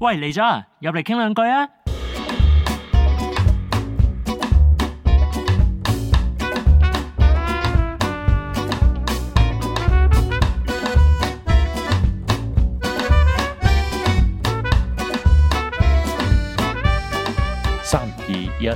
喂，嚟咗啊！入嚟傾兩句啊！三二一，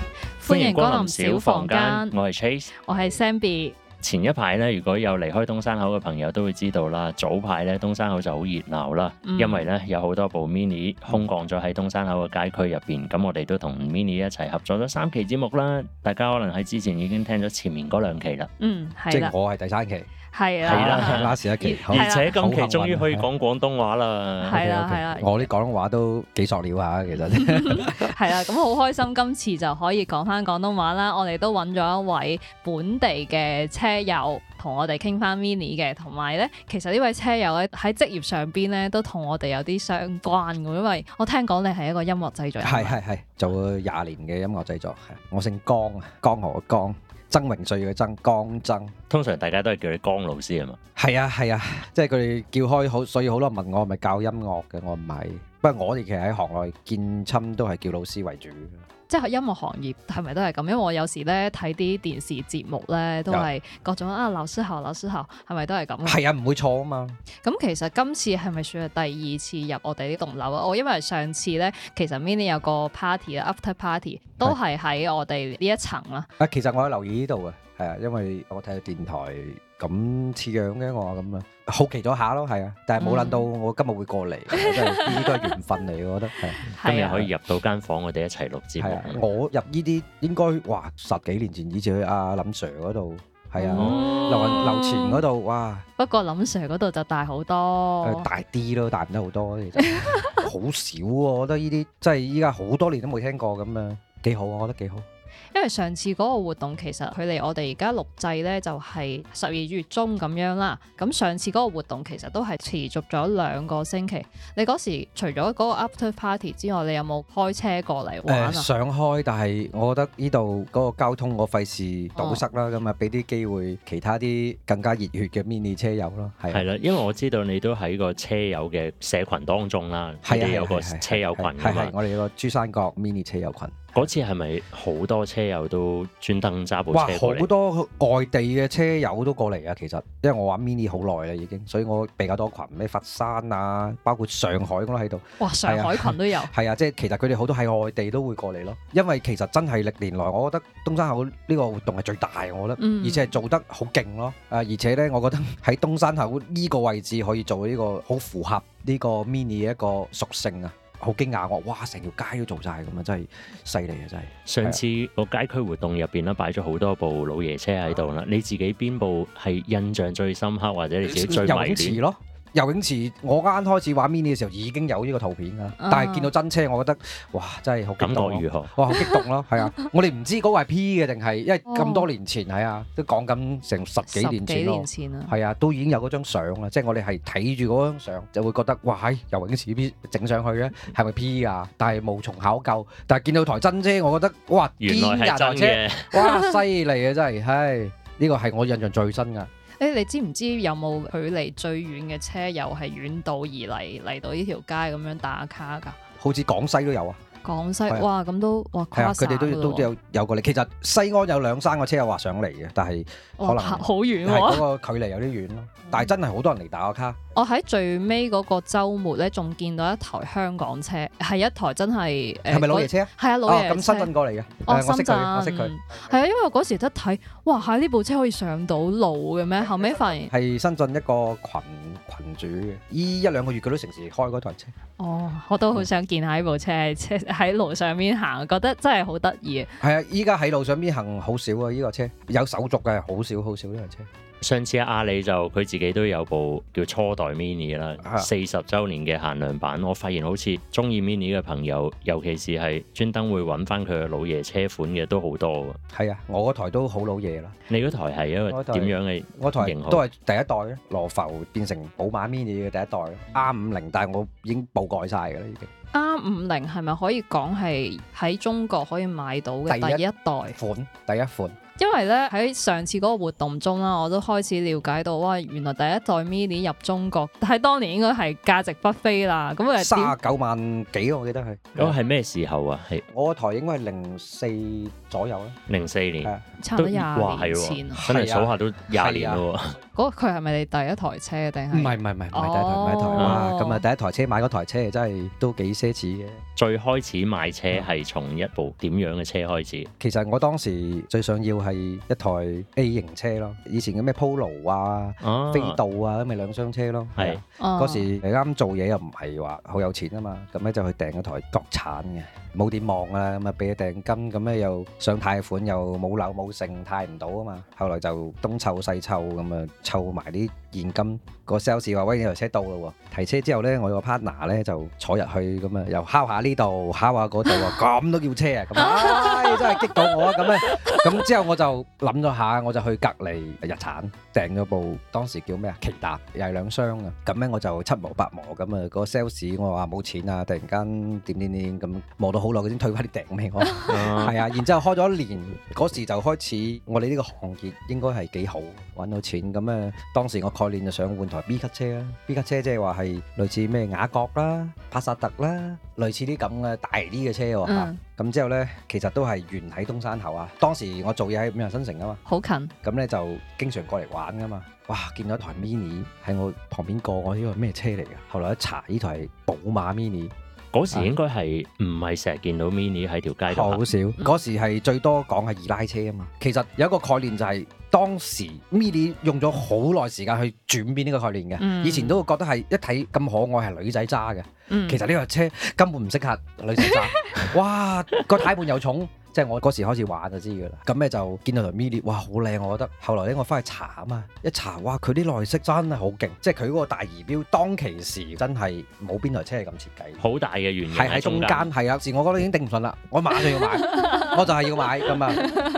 歡迎光臨小房間。我係 Trace，我係 Zenbi。前一排咧，如果有離開東山口嘅朋友都會知道啦。早排咧，東山口就好熱鬧啦，因為咧有好多部 mini 空降咗喺東山口嘅街區入邊。咁我哋都同 mini 一齊合作咗三期節目啦。大家可能喺之前已經聽咗前面嗰兩期啦。嗯，即係我係第三期。係啦，拉時、啊、一期。而且今期終於可以講廣東話啦。係啦對，係啦，我啲廣東話都幾塑料下，其實 。係啦，咁好開心，今次就可以講翻廣東話啦。我哋都揾咗一位本地嘅車友同我哋傾翻 MINI 嘅，同埋咧，其實呢位車友咧喺職業上邊咧都同我哋有啲相關嘅，因為我聽講你係一個音樂製作人。係係係，做廿年嘅音樂製作，我姓江啊，江河江。崢嶸歲嘅崢，江崢。通常大家都係叫佢江老師係嘛？係啊係啊，即係佢哋叫開好，所以好多人問我係咪教音樂嘅？我唔係，不過我哋其實喺行內見親都係叫老師為主。即係音樂行業係咪都係咁？因為我有時咧睇啲電視節目咧，都係各種啊老師好，老師好，係咪都係咁？係啊，唔、啊、會錯啊嘛！咁其實今次係咪算係第二次入我哋呢棟樓啊？我因為上次咧，其實 mini 有個 party 啊，after party 都係喺我哋呢一層啦。啊，其實我有留意呢度嘅。係啊，因為我睇下電台咁似樣嘅我咁啊，好奇咗下咯。係啊，但係冇諗到我今日會過嚟，呢個係緣分嚟，我覺得。今日可以入到間房間，我哋一齊錄節目啊，我入呢啲應該，哇，十幾年前以前去阿林 Sir 嗰度，係啊，劉雲劉前嗰度，哇！不過林 Sir 嗰度就大好多， 多。大啲咯，大唔得好多。其實好少喎，我覺得呢啲即係依家好多年都冇聽過咁啊，幾好啊，我覺得幾好。因為上次嗰個活動其實距離我哋而家錄製呢就係十二月中咁樣啦，咁上次嗰個活動其實都係持續咗兩個星期。你嗰時除咗嗰個 after party 之外，你有冇開車過嚟玩？呃，想開，但係我覺得呢度嗰個交通我費事堵塞啦，咁啊、哦，俾啲機會其他啲更加熱血嘅 mini 車友咯，係。係啦，因為我知道你都喺個車友嘅社群當中啦，係啊的，的有個車友群，係係我哋個珠三角 mini 車友群。嗰次係咪好多車友都專登揸部車嚟？哇！好多外地嘅車友都過嚟啊！其實，因為我玩 mini 好耐啦已經，所以我比較多群咩佛山啊，包括上海我都喺度。哇！上海群都、啊、有。係啊，即係其實佢哋好多喺外地都會過嚟咯。因為其實真係歷年來，我覺得東山口呢個活動係最大，我覺得，嗯、而且係做得好勁咯。啊，而且咧，我覺得喺東山口呢個位置可以做呢個好符合呢個 mini 嘅一個屬性啊！好驚訝我，哇！成條街都做晒，咁啊，真係犀利啊，真係。上次個街區活動入邊啦，擺咗好多部老爺車喺度啦，啊、你自己邊部係印象最深刻，或者你自己最迷戀？游泳池，我啱開始玩 mini 嘅時候已經有呢個圖片㗎，uh, 但係見到真車，我覺得哇，真係好感動。感覺如何？哇，好激動咯，係啊！ 我哋唔知嗰個係 P 嘅定係，因為咁多年前係啊，都講緊成十幾年前咯。十幾年前啦。係啊，都已經有嗰張相啊，即係我哋係睇住嗰張相就會覺得哇，游泳池整上去嘅係咪 P 啊？但係無從考究。但係見到台真車，我覺得哇，原來係真嘅，車 哇犀利啊！真係，唉，呢個係我印象最深㗎。誒、欸,你知唔知有冇距離最遠嘅車友係遠道而嚟嚟到呢條街咁樣打卡㗎？好似廣西都有啊！廣西，哇，咁都、啊、哇,佢哋都都有有過嚟。其實西安有兩三個車友話想嚟嘅，但係可能好遠啊,係嗰、啊啊、個距離有啲遠咯。 但係真係好多人嚟打個卡。我喺最尾嗰個週末咧，仲見到一台香港車，係一台真係誒。係、呃、咪老爺車啊？係啊，老爺。咁新、哦、圳過嚟嘅、哦呃，我識佢，圳我識佢。係啊，因為嗰時得睇，哇！嚇呢部車可以上到路嘅咩？是後尾發現係深圳一個群羣主，依一兩個月佢都成時開嗰台車。哦，我都好想見下呢部車，車喺路上面行，覺得真係好得意。係、嗯、啊，依家喺路上面行好少啊！呢、這個車有手續嘅，好少好少呢台、這個、車。上次阿阿里就佢自己都有部叫初代 Mini 啦，啊，四十周年嘅限量版。我發現好似中意 Mini 嘅朋友，尤其是係專登會揾翻佢嘅老爺車款嘅都好多。係啊，我嗰台都好老爺啦。你嗰台係因為點樣嘅？我台型號都係第一代嘅，羅浮變成寶馬 Mini 嘅第一代 R 五零，但係我已經爆改晒嘅啦，已經。R 五零係咪可以講係喺中國可以買到嘅第一代款第一款？因為咧喺上次嗰個活動中啦，我都開始了解到哇，原來第一代 MINI 入中國，但係當年應該係價值不菲啦。咁係卅九萬幾，我記得係。咁係咩時候啊？係我台應該係零四左右啦。零四年，啊、差唔多廿年前。哇啊、真係數下都廿年啦喎。嗰佢係咪你第一台車定係？唔係，唔係，唔係第一台，唔係台哇。咁啊第一台車買嗰台車真係都幾奢侈嘅。最開始買車係從一部點樣嘅車開始？其實我當時最想要。係一台 A 型車咯，以前嘅咩 Polo 啊、飛度、oh. 啊，咁咪兩箱車咯。係嗰時你啱做嘢又唔係話好有錢啊嘛，咁咧就去訂一台國產嘅。冇點望啦，咁啊俾咗訂金，咁又想貸款，又冇樓冇剩，貸唔到啊嘛。後來就東湊西湊咁啊，湊埋啲現金售。個 sales 話：喂，有台車到咯喎！提車之後呢，我個 partner 呢就坐入去，咁又敲下呢度，敲下嗰度，咁都 叫車啊？咁，哎，真係激到我啊！咁之後我就諗咗下，我就去隔離日產。訂咗部當時叫咩啊？騏達又係兩箱啊！咁咧我就七磨八磨咁啊，嗰個 sales 我話冇錢啊！突然間點點點咁磨到好耐，佢先退翻啲訂俾我。係啊、 嗯，然之後開咗一年，嗰時就開始我哋呢個行業應該係幾好揾到錢。咁啊，當時我概念就想換台 B 級車啦，B 級車即係話係類似咩雅閣啦、帕薩特啦，類似啲咁嘅大啲嘅車喎。嗯咁之後呢，其實都係原喺東山口啊。當時我做嘢喺五羊新城啊嘛，好近。咁咧就經常過嚟玩㗎嘛。哇！見到一台 mini 喺我旁邊過，我呢個咩車嚟嘅？後來一查，呢台係寶馬 mini。嗰時應該係唔係成日見到 mini 喺條街度？ 好少。嗰時係最多講係二拉車啊嘛。其實有一個概念就係、是、當時 mini 用咗好耐時間去轉變呢個概念嘅。嗯、以前都會覺得係一睇咁可愛係女仔揸嘅。其實呢個車根本唔適合女仔揸。嗯、哇！個軚盤又重。 即係我嗰時開始玩就知噶啦，咁咧就見到台 Mini 哇，好靚，我覺得。後來咧我翻去查啊嘛，一查哇佢啲內飾真係好勁，即係佢嗰個大儀表當其時真係冇邊台車係咁設計，好大嘅原因係喺中間，係啊中間，自我覺得已經頂唔順啦，我馬上要買， 我就係要買咁啊，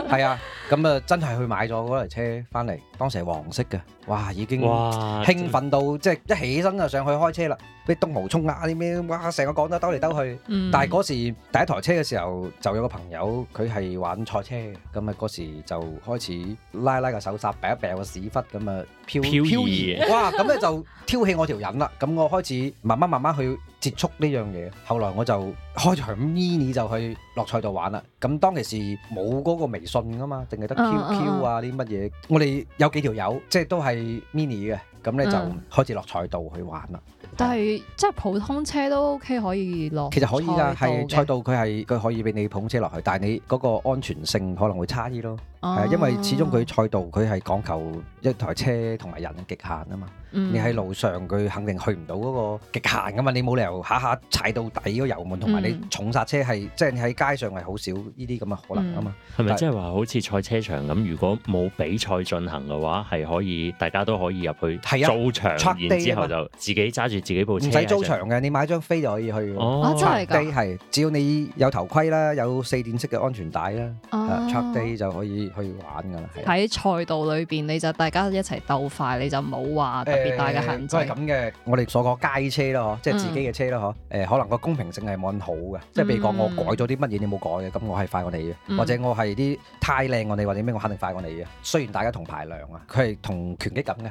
係啊，咁啊真係去買咗嗰台車翻嚟，當時係黃色嘅。哇！已經興奮到哇即係一起身就上去開車啦！畀東濠涌啊！啲咩哇！成個廣州兜嚟兜去。嗯、但係嗰時第一台車嘅時候就有個朋友佢係玩賽車嘅，咁啊嗰時就開始拉拉個手剎，掟一掟個屎忽咁啊！漂漂移， 哇！咁咧就挑起我條癮啦。咁 我開始慢慢慢慢去接觸呢樣嘢。後來我就開始咁 mini 就去落賽道玩啦。咁當其時冇嗰個微信噶嘛，淨係得 QQ 啊啲乜嘢。Uh, uh. 我哋有幾條友即係都係 mini 嘅。咁咧就開始落賽道去玩啦。嗯嗯、但係即係普通車都 OK 可以落。其實可以㗎，係賽道佢係佢可以俾你普通車落去，但係你嗰個安全性可能會差啲咯。係啊，因為始終佢賽道佢係講求一台車同埋人極限啊嘛、嗯、嘛。你喺路上佢肯定去唔到嗰個極限噶嘛。你冇理由下下踩到底個油門，同埋你重煞車係即係你喺街上係好少呢啲咁嘅可能啊嘛。係咪即係話好似賽車場咁？如果冇比賽進行嘅話，係可以大家都可以入去租場，literal ness 然之後就自己揸住自己部車入場。唔使租場嘅，你買張飛就可以去。哦、啊，真係地係， Day, sí. 只要你有頭盔啦，有四點式嘅安全帶啦，啊，track day 就可以。去玩噶啦，喺賽道裏邊你就大家一齊鬥快，你就冇話特別大嘅限制。咁嘅、欸欸，我哋所講街車咯，即係自己嘅車咯，嗬、嗯。誒、欸，可能個公平性係冇咁好嘅，即係譬如講我改咗啲乜嘢，你冇改嘅，咁、嗯、我係快過你嘅。或者我係啲太靚我哋或者咩，我肯定快過你嘅。雖然大家同排量啊，佢係同拳擊咁嘅，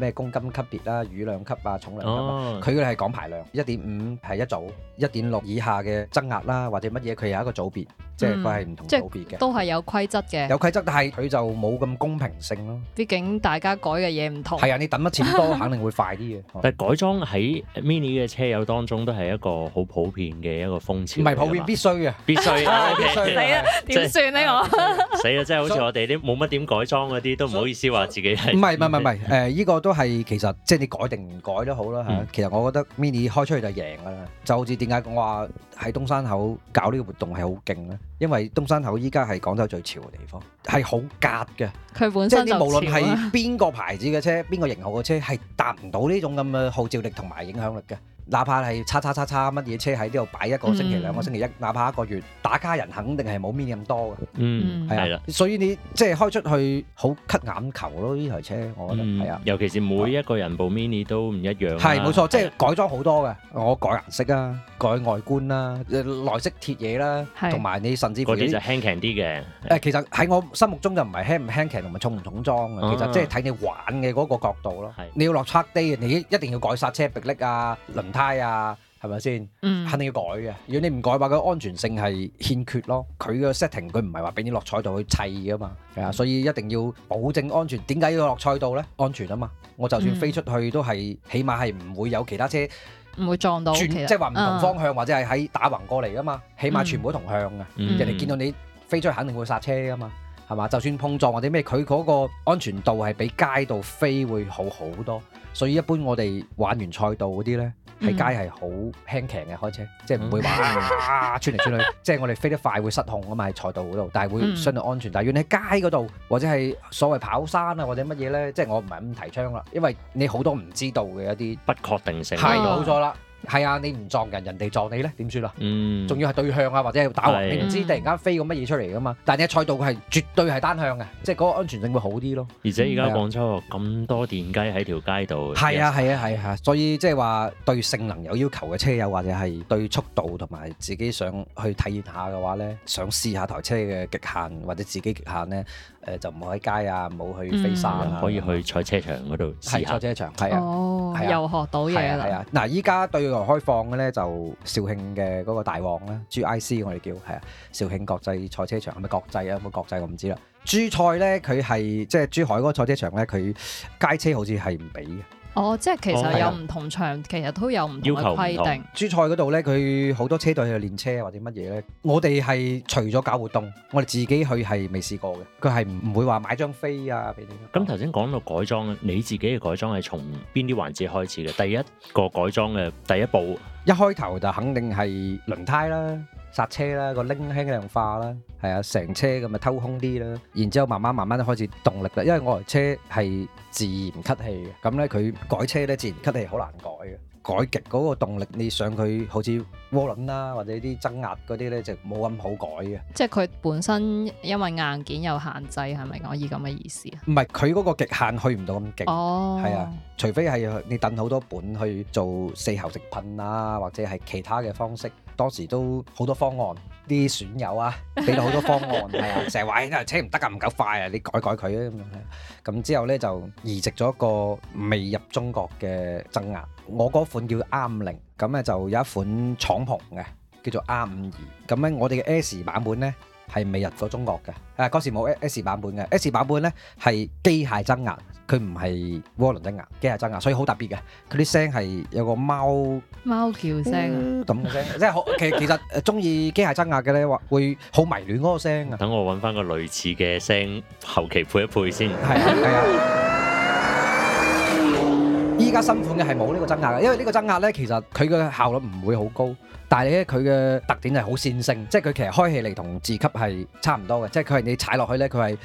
咩公斤級別啦、羽量級啊、重量級，佢哋係講排量，一點五係一組，一點六以下嘅增壓啦，或者乜嘢，佢有一個組別。即係佢係唔同組別嘅，都係有規則嘅。有規則，但係佢就冇咁公平性咯。畢竟大家改嘅嘢唔同。係啊，你抌得錢多，肯定會快啲嘅。但係改裝喺 Mini 嘅車友當中，都係一個好普遍嘅一個風潮。唔係普遍，必須嘅。必須，必須，死啊！點算呢？我死啊！即係好似我哋啲冇乜點改裝嗰啲，都唔好意思話自己係。唔係唔係唔係，誒呢個都係其實即係你改定唔改都好啦。係啊，其實我覺得 Mini 開出去就贏㗎啦。就好似點解我話喺東山口搞呢個活動係好勁咧？因為東山口依家係廣州最潮嘅地方，係好夾嘅。佢本身就係無論係邊個牌子嘅車，邊個型號嘅車，係達唔到呢種咁嘅號召力同埋影響力嘅。哪怕係叉叉叉叉乜嘢車喺呢度擺一個星期、嗯、兩個星期一，一哪怕一個月打卡人肯定係冇 MINI 咁多嘅。嗯，係啦、啊啊啊。所以你即係、就是、開出去好吸眼球咯，呢台車我覺得係、嗯、啊。尤其是每一個人部 MINI 都唔一樣、啊。係冇錯，即係改裝好多嘅，我改顏色啊，改外觀啦、啊啊，內飾鐵嘢啦、啊，同埋是你甚至嗰啲就輕強啲嘅。誒，其實喺我心目中就唔係輕唔輕強同埋重唔重裝嘅，其實即係睇你玩嘅嗰個角度咯、啊。你要落 track day，你一定要改剎車、別力啊、輪胎。輪胎胎啊，係咪先？嗯，肯定要改嘅。如果你唔改話，佢安全性係欠缺咯。佢個 setting 佢唔係話俾你落賽道去砌噶嘛，係啊。所以一定要保證安全。點解要落賽道咧？安全啊嘛。我就算飛出去都係，嗯、起碼係唔會有其他車唔會撞到，全實即係話唔同方向、啊、或者係喺打橫過嚟噶嘛。起碼全部都同向嘅，嗯、人哋見到你飛出去肯定會剎車噶嘛，係嘛？就算碰撞或者咩，佢嗰個安全度係比街道飛會好好多。所以一般我哋玩完賽道嗰啲咧。喺街係好輕騎嘅，開車即係唔會話哇串嚟串去， 即係我哋飛得快會失控啊嘛，喺賽道嗰度，但係會相對安全。但係如喺街嗰度，或者係所謂跑山啊，或者乜嘢咧，即係我唔係咁提倡啦，因為你好多唔知道嘅一啲不確定性係冇錯啦。係啊，你唔撞人，人哋撞你呢？點算啊？嗯，仲要係對向啊，或者係打橫，啊、你唔知突然間飛個乜嘢出嚟噶嘛？但係你賽道係絕對係單向嘅，即係嗰個安全性會好啲咯。而且而家廣州咁多電雞喺條街度，係啊係啊係啊，啊啊啊所以即係話對性能有要求嘅車友，或者係對速度同埋自己想去體驗下嘅話呢，想試下台車嘅極限或者自己極限呢。誒就唔好喺街啊，唔好去飛山、嗯、啊，可以去賽車場嗰度試下。係賽車場，係啊，哦、啊又學到嘢啦。嗱、啊，依家、啊、對外開放嘅咧就肇慶嘅嗰個大王啦，GIC 我哋叫，係啊，肇慶國際賽車場係咪國際啊？有冇國際我唔知啦。珠海咧佢係即係珠海嗰個賽車場咧，佢街車好似係唔俾嘅。哦，oh, 即係其實有唔同場，其實都有唔同嘅規定。珠海嗰度呢，佢好多車隊去練車或者乜嘢呢？我哋係除咗搞活動，我哋自己去係未試過嘅。佢係唔會話買張飛啊，俾你。咁頭先講到改裝，你自己嘅改裝係從邊啲環節開始嘅？第一個改裝嘅第一步，一開頭就肯定係輪胎啦。剎車啦，個拎輕量化啦，係啊，成車咁咪偷空啲啦，然之後慢慢慢慢開始動力啦，因為我台車係自然吸氣嘅，咁咧佢改車咧自然吸氣好難改嘅。改極嗰個動力，你上去好似渦輪啦，或者啲增壓嗰啲咧，就冇咁好改嘅。即係佢本身因為硬件有限制，係咪可以咁嘅意思啊？唔係佢嗰個極限去唔到咁勁，係、oh. 啊，除非係你等好多本去做四喉直噴啊，或者係其他嘅方式。當時都好多方案，啲損友啊俾到好多方案，係 啊，成日話車唔得啊，唔夠快啊，你改改佢啊咁樣，咁之後咧就移植咗一個未入中國嘅增壓，我叫 R 五零，咁咧就有一款敞篷嘅，叫做 R 五二。咁咧我哋嘅 S 版本咧係未入咗中國嘅，誒、啊、嗰時冇 S 版本嘅。S 版本咧係機械增壓，佢唔係渦輪增壓，機械增壓，所以好特別嘅。佢啲聲係有個貓貓叫聲咁嘅聲，即係好。其實其實誒中意機械增壓嘅咧話會好迷戀嗰個聲啊。等我搵翻個類似嘅聲，後期配一配先。係啊，係啊。依家新款嘅係冇呢個增壓嘅，因為呢個增壓咧，其實佢嘅效率唔會好高，但係咧佢嘅特點係好線性，即係佢其實開起嚟同自吸係差唔多嘅，即係佢係你踩落去咧，佢係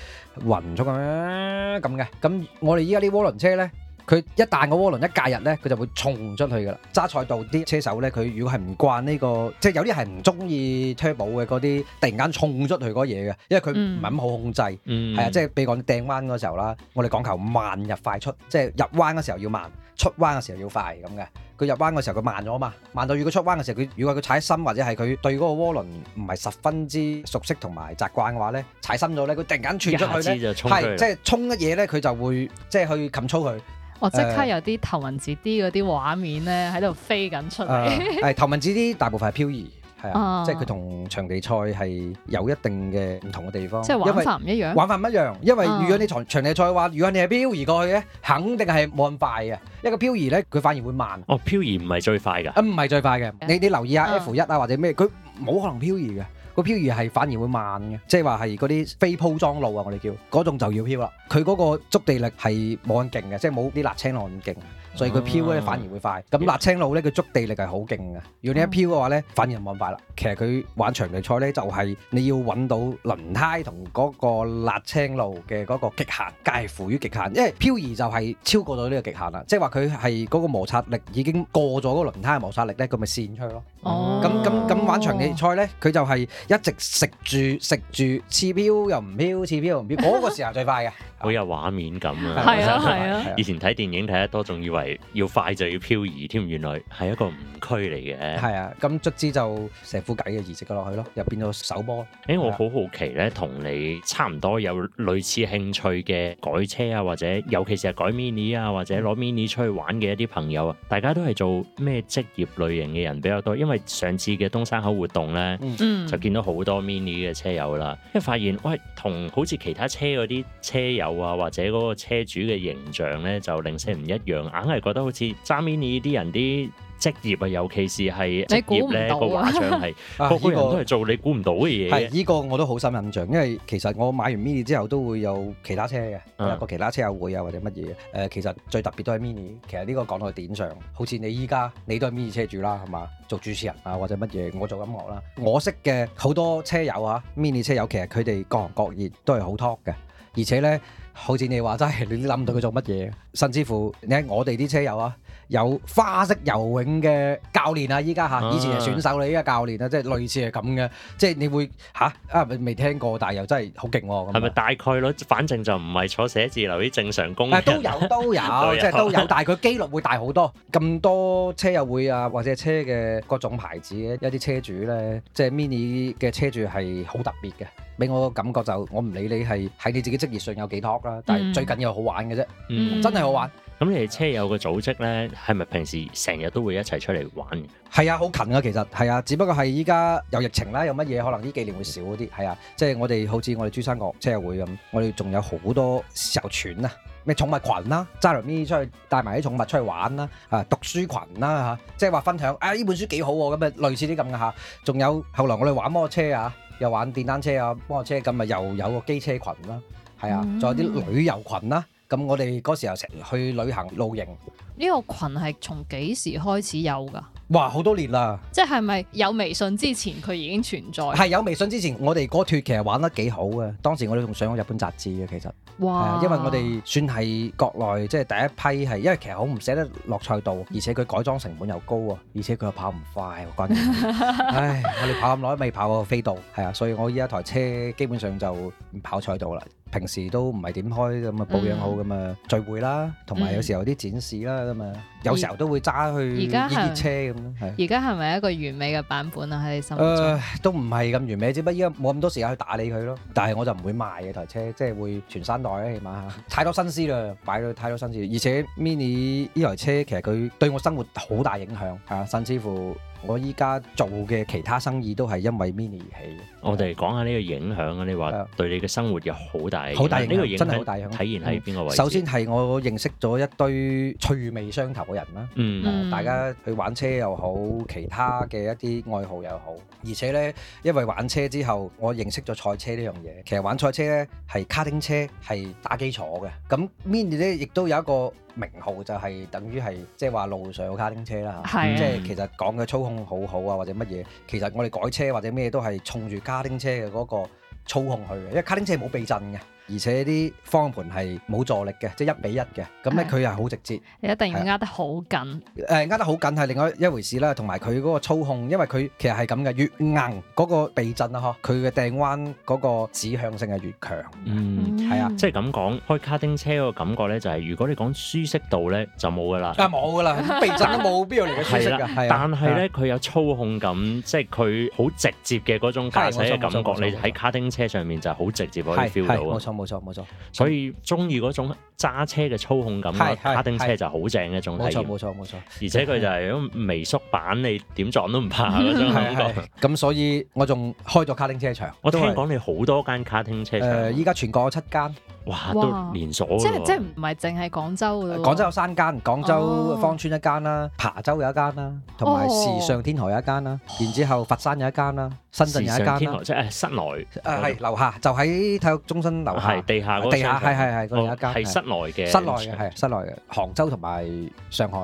勻速咁嘅。咁我哋依家啲渦輪車咧，佢一旦個渦輪一介入咧，佢就會衝出去噶啦。揸賽道啲車手咧，佢如果係唔慣呢個，即係有啲係唔中意 turbo 嘅嗰啲，突然間衝出去嗰嘢嘅，因為佢唔係咁好控制，係啊、嗯，即係比如講掟彎嗰時候啦，我哋講求慢入快出，即係入彎嗰時候要慢。出彎嘅時候要快咁嘅，佢入彎嘅時候佢慢咗嘛，慢到如果出彎嘅時候佢如果佢踩深或者係佢對嗰個渦輪唔係十分之熟悉同埋習慣嘅話咧，踩深咗咧，佢突然間竄出去咧，係即係衝一嘢咧，佢就會即係去冚粗佢。我即刻有啲頭文字 D 嗰啲畫面咧喺度飛緊出嚟，係、 嗯、頭文字 D 大部分係漂移。係啊，即係佢同場地賽係有一定嘅唔同嘅地方，即係玩法唔一樣。玩法唔一樣，因為如果你場地賽話，如果你係漂移過去嘅，肯定係冇咁快嘅。一個漂移咧，佢反而會慢。哦，漂移唔係最快㗎。啊，唔係最快嘅。你你留意下 F1 啊或者咩，佢冇可能漂移嘅。個漂移係反而會慢嘅，即係話係嗰啲非鋪裝路啊，我哋叫嗰種就要漂啦。佢嗰個抓地力係冇咁勁嘅，即係冇啲辣青咁勁。所以佢漂咧反而會快，咁瀝、嗯、青路咧佢捉地力係好勁嘅。如果你一漂嘅話咧，反而冇咁快啦。其實佢玩長期賽咧，就係你要揾到輪胎同嗰個瀝青路嘅嗰個極限，介乎於極限，因為漂移就係超過咗呢個極限啦。即係話佢係嗰個摩擦力已經過咗嗰個輪胎嘅摩擦力咧，佢咪線出去咯。哦、嗯。咁咁咁玩長期賽咧，佢就係一直食住食住，似漂又唔漂，似漂又唔漂，嗰、那個時候最快嘅。 嗯、好有畫面感啊！係啊係啊！以前睇電影睇得多，仲以為，要快就要漂移添，原來係一個誤區嚟嘅。係啊，咁卒之就成副偈嘅移植咗落去咯，又變咗手波。誒、欸，我好好奇咧，同、啊、你差唔多有類似興趣嘅改車啊，或者尤其是啊改 mini 啊，或者攞 mini 出去玩嘅一啲朋友啊，大家都係做咩職業類型嘅人比較多？因為上次嘅東山口活動咧，嗯、就見到好多 mini 嘅車友啦，因為發現喂，同好似其他車嗰啲車友啊，或者嗰個車主嘅形象咧，就零舍唔一樣，硬。係覺得好似揸 mini 啲人啲職業啊，尤其是職業咧，個畫像係個個都係做你估唔到嘅嘢。係呢、 啊這個我都好深印象，因為其實我買完 mini 之後都會有其他車嘅有個其他車友會啊，或者乜嘢誒？其實最特別都係 mini。其實呢個講到點上，好似你依家你都係 mini 車主啦，係嘛？做主持人啊，或者乜嘢？我做音樂啦、啊，我識嘅好多車友啊，mini 車友其實佢哋各行各業都係好 talk 嘅。而且呢，好似你話齋，你都諗唔到佢做乜嘢，甚至乎你睇我哋啲車友啊。有花式游泳嘅教練啊！依家嚇，以前係選手啦，依家教練啊，即係類似係咁嘅。即係你會吓，啊？未聽過，但係又真係好勁喎。係咪大概率？反正就唔係坐寫字樓啲正常工。都有 都有，即係都有，但係佢幾率會大好多。咁多車友會啊，或者車嘅各種牌子嘅一啲車主咧，即係 Mini 嘅車主係好特別嘅。俾我個感覺就，我唔理你係喺你自己職業上有幾 top 啦，但係最緊要好玩嘅啫，真係好玩。咁你哋車友嘅組織咧，係咪平時成日都會一齊出嚟玩？係啊，好近啊，其實係啊，只不過係依家有疫情啦，有乜嘢可能呢幾年會少啲。係啊，即係、就是、我哋好似我哋珠三角車友會咁，我哋仲有好多又串啊，咩寵物群啦，揸台咪出去帶埋啲寵物出去玩啦，啊讀書群啦吓，即係話分享啊呢、哎、本書幾好咁啊，類似啲咁嘅吓。仲有後來我哋玩摩托車啊，又玩電單車啊，摩托車咁啊，又有個機車群啦，係啊，仲有啲旅遊群啦。咁我哋嗰時候成去旅行露營，呢個群係從幾時開始有㗎？哇，好多年啦！即係咪有微信之前佢已經存在？係有微信之前，我哋嗰脱其實玩得幾好嘅。當時我哋仲上過日本雜誌嘅，其實哇，因為我哋算係國內即係第一批係，因為其實好唔捨得落賽道，而且佢改裝成本又高喎，而且佢又跑唔快，關鍵。 唉，我哋跑咁耐都未跑過飛度，係啊，所以我依家台車基本上就唔跑賽道啦。平時都唔係點開咁啊，保養好咁啊，嗯、聚會啦，同埋有，有時候啲展示啦咁啊，嗯、有時候都會揸去呢啲車咁。而家係咪一個完美嘅版本啊？喺你心中，呃？都唔係咁完美，只不過依家冇咁多時間去打理佢咯。但係我就唔會賣呢台車，即係會全山代嘅，啊，起碼。太多心思啦，擺到太多心思。而且 Mini 呢台車其實佢對我生活好大影響，係，啊，甚至乎我依家做嘅其他生意都係因為 Mini 而起。我哋講下呢個影響啊！你話對你嘅生活有好大，呢個影響真係好大。體現喺邊個位？首先係我認識咗一堆趣味相投嘅人啦。嗯，大家去玩車又好，其他嘅一啲愛好又好。而且咧，因為玩車之後，我認識咗賽車呢樣嘢。其實玩賽車咧，係卡丁車係打基礎嘅。咁 MINI 咧，亦都有一個名號，就係等於係即係話路上嘅卡丁車啦。係，即係其實講嘅操控好好啊，或者乜嘢？其實我哋改車或者咩都係衝住卡卡丁車嘅嗰個操控去嘅，因為卡丁車冇避震㗎。而且啲方向盤係冇助力嘅，即係一比一嘅，咁咧佢又係好直接。一定要壓得好緊。誒，壓得好緊係另外一回事啦，同埋佢嗰個操控，因為佢其實係咁嘅，越硬嗰個避震啦，呵，佢嘅掟彎嗰個指向性係越強。嗯，係啊，即係咁講，開卡丁車個感覺咧，就係如果你講舒適度咧，就冇噶啦。但係冇噶啦，避震都冇必要。嚟得舒服嘅。係但係咧，佢有操控感，即係佢好直接嘅嗰種駕駛嘅感覺，你喺卡丁車上面就好直接可以 feel 到。冇錯冇錯，錯錯，所以中意嗰種揸車嘅操控感，卡丁車就好正嘅一種體驗。冇錯冇錯冇錯，而且佢就係咁微縮版，就是，你點撞都唔怕。係係、嗯，咁、這個，所以我仲開咗卡丁車場。是我聽講你好多間卡丁車場。誒、呃，依家全國有七間。哇！都連鎖嘅，即係即係唔係淨係廣州嘅？廣州有三間，廣州芳村一間啦，琶洲有一間啦，同埋時尚天河有一間啦，然之後佛山有一間啦，深圳有一間啦。時尚天河即係室內，啊係樓下，就喺體育中心樓下，地下嗰地下係係係另一間，係室內嘅，室內嘅係室內嘅。杭州同埋上海，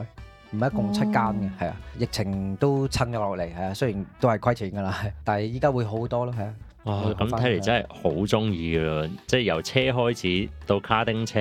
唔係一共七間嘅，係啊。疫情都撐咗落嚟，係啊。雖然都係虧錢㗎啦，但係依家會好好多咯，係啊。哦，咁睇嚟真係好中意㗎喇，哦、即係由車開始到卡丁車，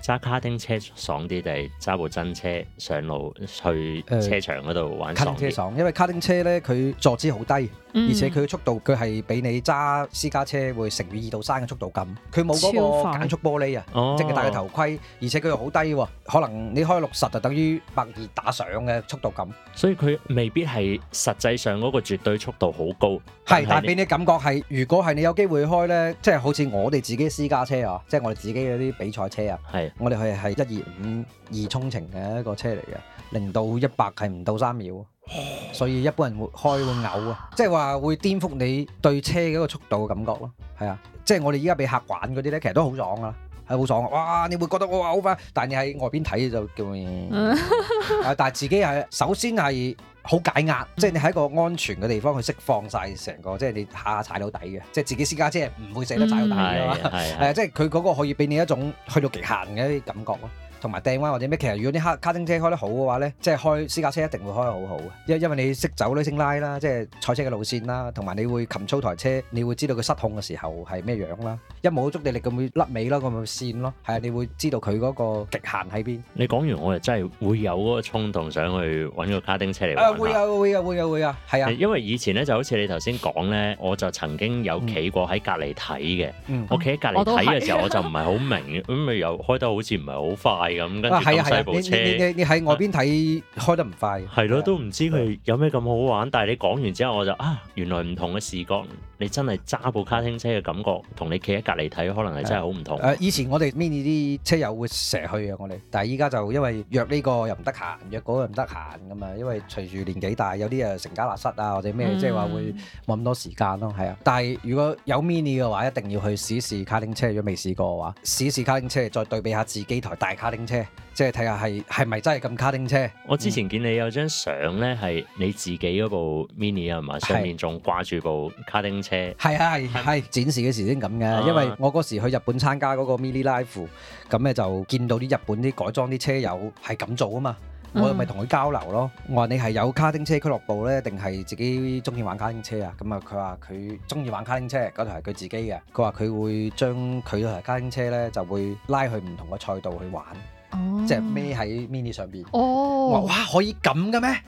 揸卡丁車爽啲定係揸部真車上路去車場嗰度玩？呃，卡丁車爽，因為卡丁車咧佢坐姿好低。而且佢嘅速度佢係俾你揸私家車會乘以二到三嘅速度感，佢冇嗰個減速玻璃啊，即係、哦、戴個頭盔，而且佢又好低喎，可能你開六十就等於百二打上嘅速度感。所以佢未必係實際上嗰個絕對速度好高，係但係俾你感覺係。如果係你有機會開呢，即係好似我哋自己私家車啊，即係我哋自己嗰啲比賽車啊，是我哋係係一二五二衝程嘅一個車嚟嘅。零到一百係唔到三秒，所以一般人會開會嘔啊，即係話會顛覆你對車嗰個速度嘅感覺咯，係啊，即係我哋依家俾客玩嗰啲咧，其實都好爽噶，係好爽啊！哇，你會覺得我哇好快，但係你喺外邊睇就叫，咩、嗯 啊？但係自己係首先係好解壓，即係你喺一個安全嘅地方去釋放晒成個，即係你下，下踩到底嘅，即係自己私家車唔會捨得踩到底嘅係啊，即係佢嗰個可以俾你一種去到極限嘅感覺咯。同埋掟彎或者咩？其實如果啲卡卡丁車開得好嘅話咧，即係開私家車一定會開得好好嘅。因因為你識走呢升拉啦，即係賽車嘅路線啦，同埋你會擒操台車，你會知道佢失控嘅時候係咩樣啦。一冇足地力咁會甩尾咯，咁咪線咯。係啊，你會知道佢嗰個極限喺邊。你講完我就真係會有嗰個衝動想去搵個卡丁車嚟玩，啊。會啊會啊會啊會啊！係啊，啊因為以前咧就好似你頭先講咧，我就曾經有企過喺隔籬睇嘅。嗯、我企喺隔籬睇嘅時候，我，我就唔係好明咁咪又開得好似唔係好快。係咁，跟住揸部車。你你喺外邊睇、啊、開得唔快？係咯的，都唔知佢有咩咁好玩。的但係你講完之後，我就啊，原來唔同嘅視覺，你真係揸部卡丁車嘅感覺，同你企喺隔離睇，可能係真係好唔同。誒、啊，以前我哋 mini 啲車友會成日去啊，我哋。但係依家就因為約呢個又唔得閒，約嗰個又唔得閒咁啊，因為隨住年紀大，有啲啊成家立室啊，或者咩，嗯、即係話會冇咁多時間咯，係啊。但係如果有 mini 嘅話，一定要去試試卡丁車。如果未試過嘅話，試試卡丁車，再對比下自己台大卡丁車。車即係睇下係係咪真係咁卡丁車？我之前見你有張相咧，係你自己嗰部 mini 啊嘛，嗯，上面仲掛住部卡丁車。係啊，係係展示嘅時先咁嘅，啊、因為我嗰時去日本參加嗰個 mini live，咁咧就見到啲日本啲改裝啲車友係咁做啊嘛。我又咪同佢交流咯，我話你係有卡丁車俱樂部咧，定係自己中意玩卡丁車啊？咁啊，佢話佢中意玩卡丁車，嗰台係佢自己嘅。佢話佢會將佢嗰台卡丁車咧，就會拉去唔同嘅賽道去玩，即係孭喺 mini 上邊。哦，我話、哦、哇，可以咁嘅咩？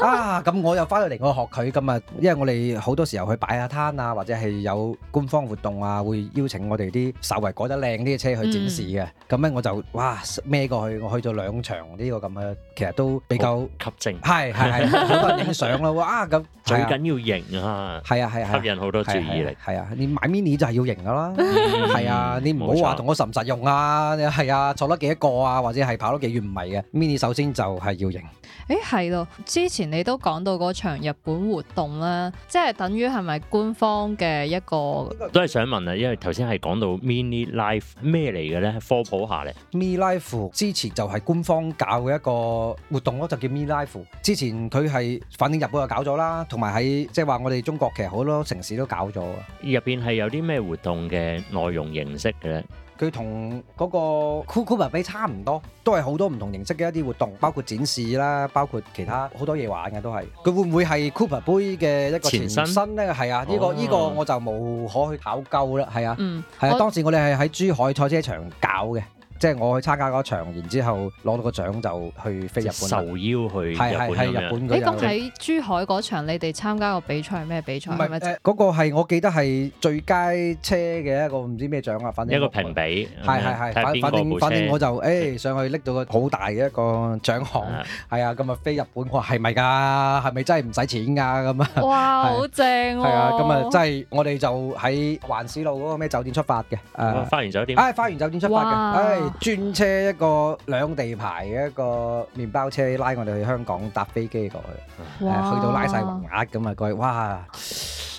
啊咁，我又翻到嚟，我學佢咁啊，因為我哋好多時候去擺下攤啊，或者係有官方活動啊，會邀請我哋啲稍為改得靚啲嘅車去展示嘅。咁咧我就哇孭過去，我去咗兩場呢個咁嘅，其實都比較吸睛，係係係，好多人影相啦。啊，咁最緊要型啊，係啊係啊，吸引好多注意力。係啊，你買 mini 就係要型噶啦，係啊，你唔好話同我實唔實用啊，係啊，坐得幾多個啊，或者係跑得幾遠米嘅 mini，首先就係要型。誒係咯。之前你都講到嗰場日本活動啦，即係等於係咪官方嘅一個都係想問啊，因為頭先係講到 MINI LIVE 咩嚟嘅呢，科普下呢。MINI LIVE 之前就係官方搞嘅一個活動咯，就叫 MINI LIVE。之前佢係反正日本又搞咗啦，同埋喺即係話我哋中國其實好多城市都搞咗。入邊係有啲咩活動嘅內容形式嘅咧？佢同嗰個 Cooper 杯差唔多，都係好多唔同形式嘅一啲活動，包括展示啦，包括其他好多嘢玩嘅都係。佢會唔會係 Cooper 杯嘅一個前身咧？係身啊，呢、這個呢、哦、個我就無可去考究啦。係啊，係、嗯、啊，我 當時我哋係喺珠海賽車場搞嘅。即係我去參加嗰場，然之後攞到個獎就去飛日本，受邀去係係係日本咁樣。誒，咁喺珠海嗰場，你哋參加個比賽係咩比賽？唔係誒，嗰個係我記得係最佳車嘅一個唔知咩獎啊，反正一個評比。係係係，反反正我就誒上去拎到個好大嘅一個獎項，係啊，咁啊飛日本，我話係咪㗎？係咪真係唔使錢㗎？咁啊？哇，好正！係啊，咁啊真係我哋就喺環市路嗰個咩酒店出發嘅，誒花園酒店。誒花園酒店出發嘅，誒。專車，一個兩地牌嘅一個麪包車拉我哋去香港搭飛機過去，哇去到拉晒橫額，咁啊貴，哇！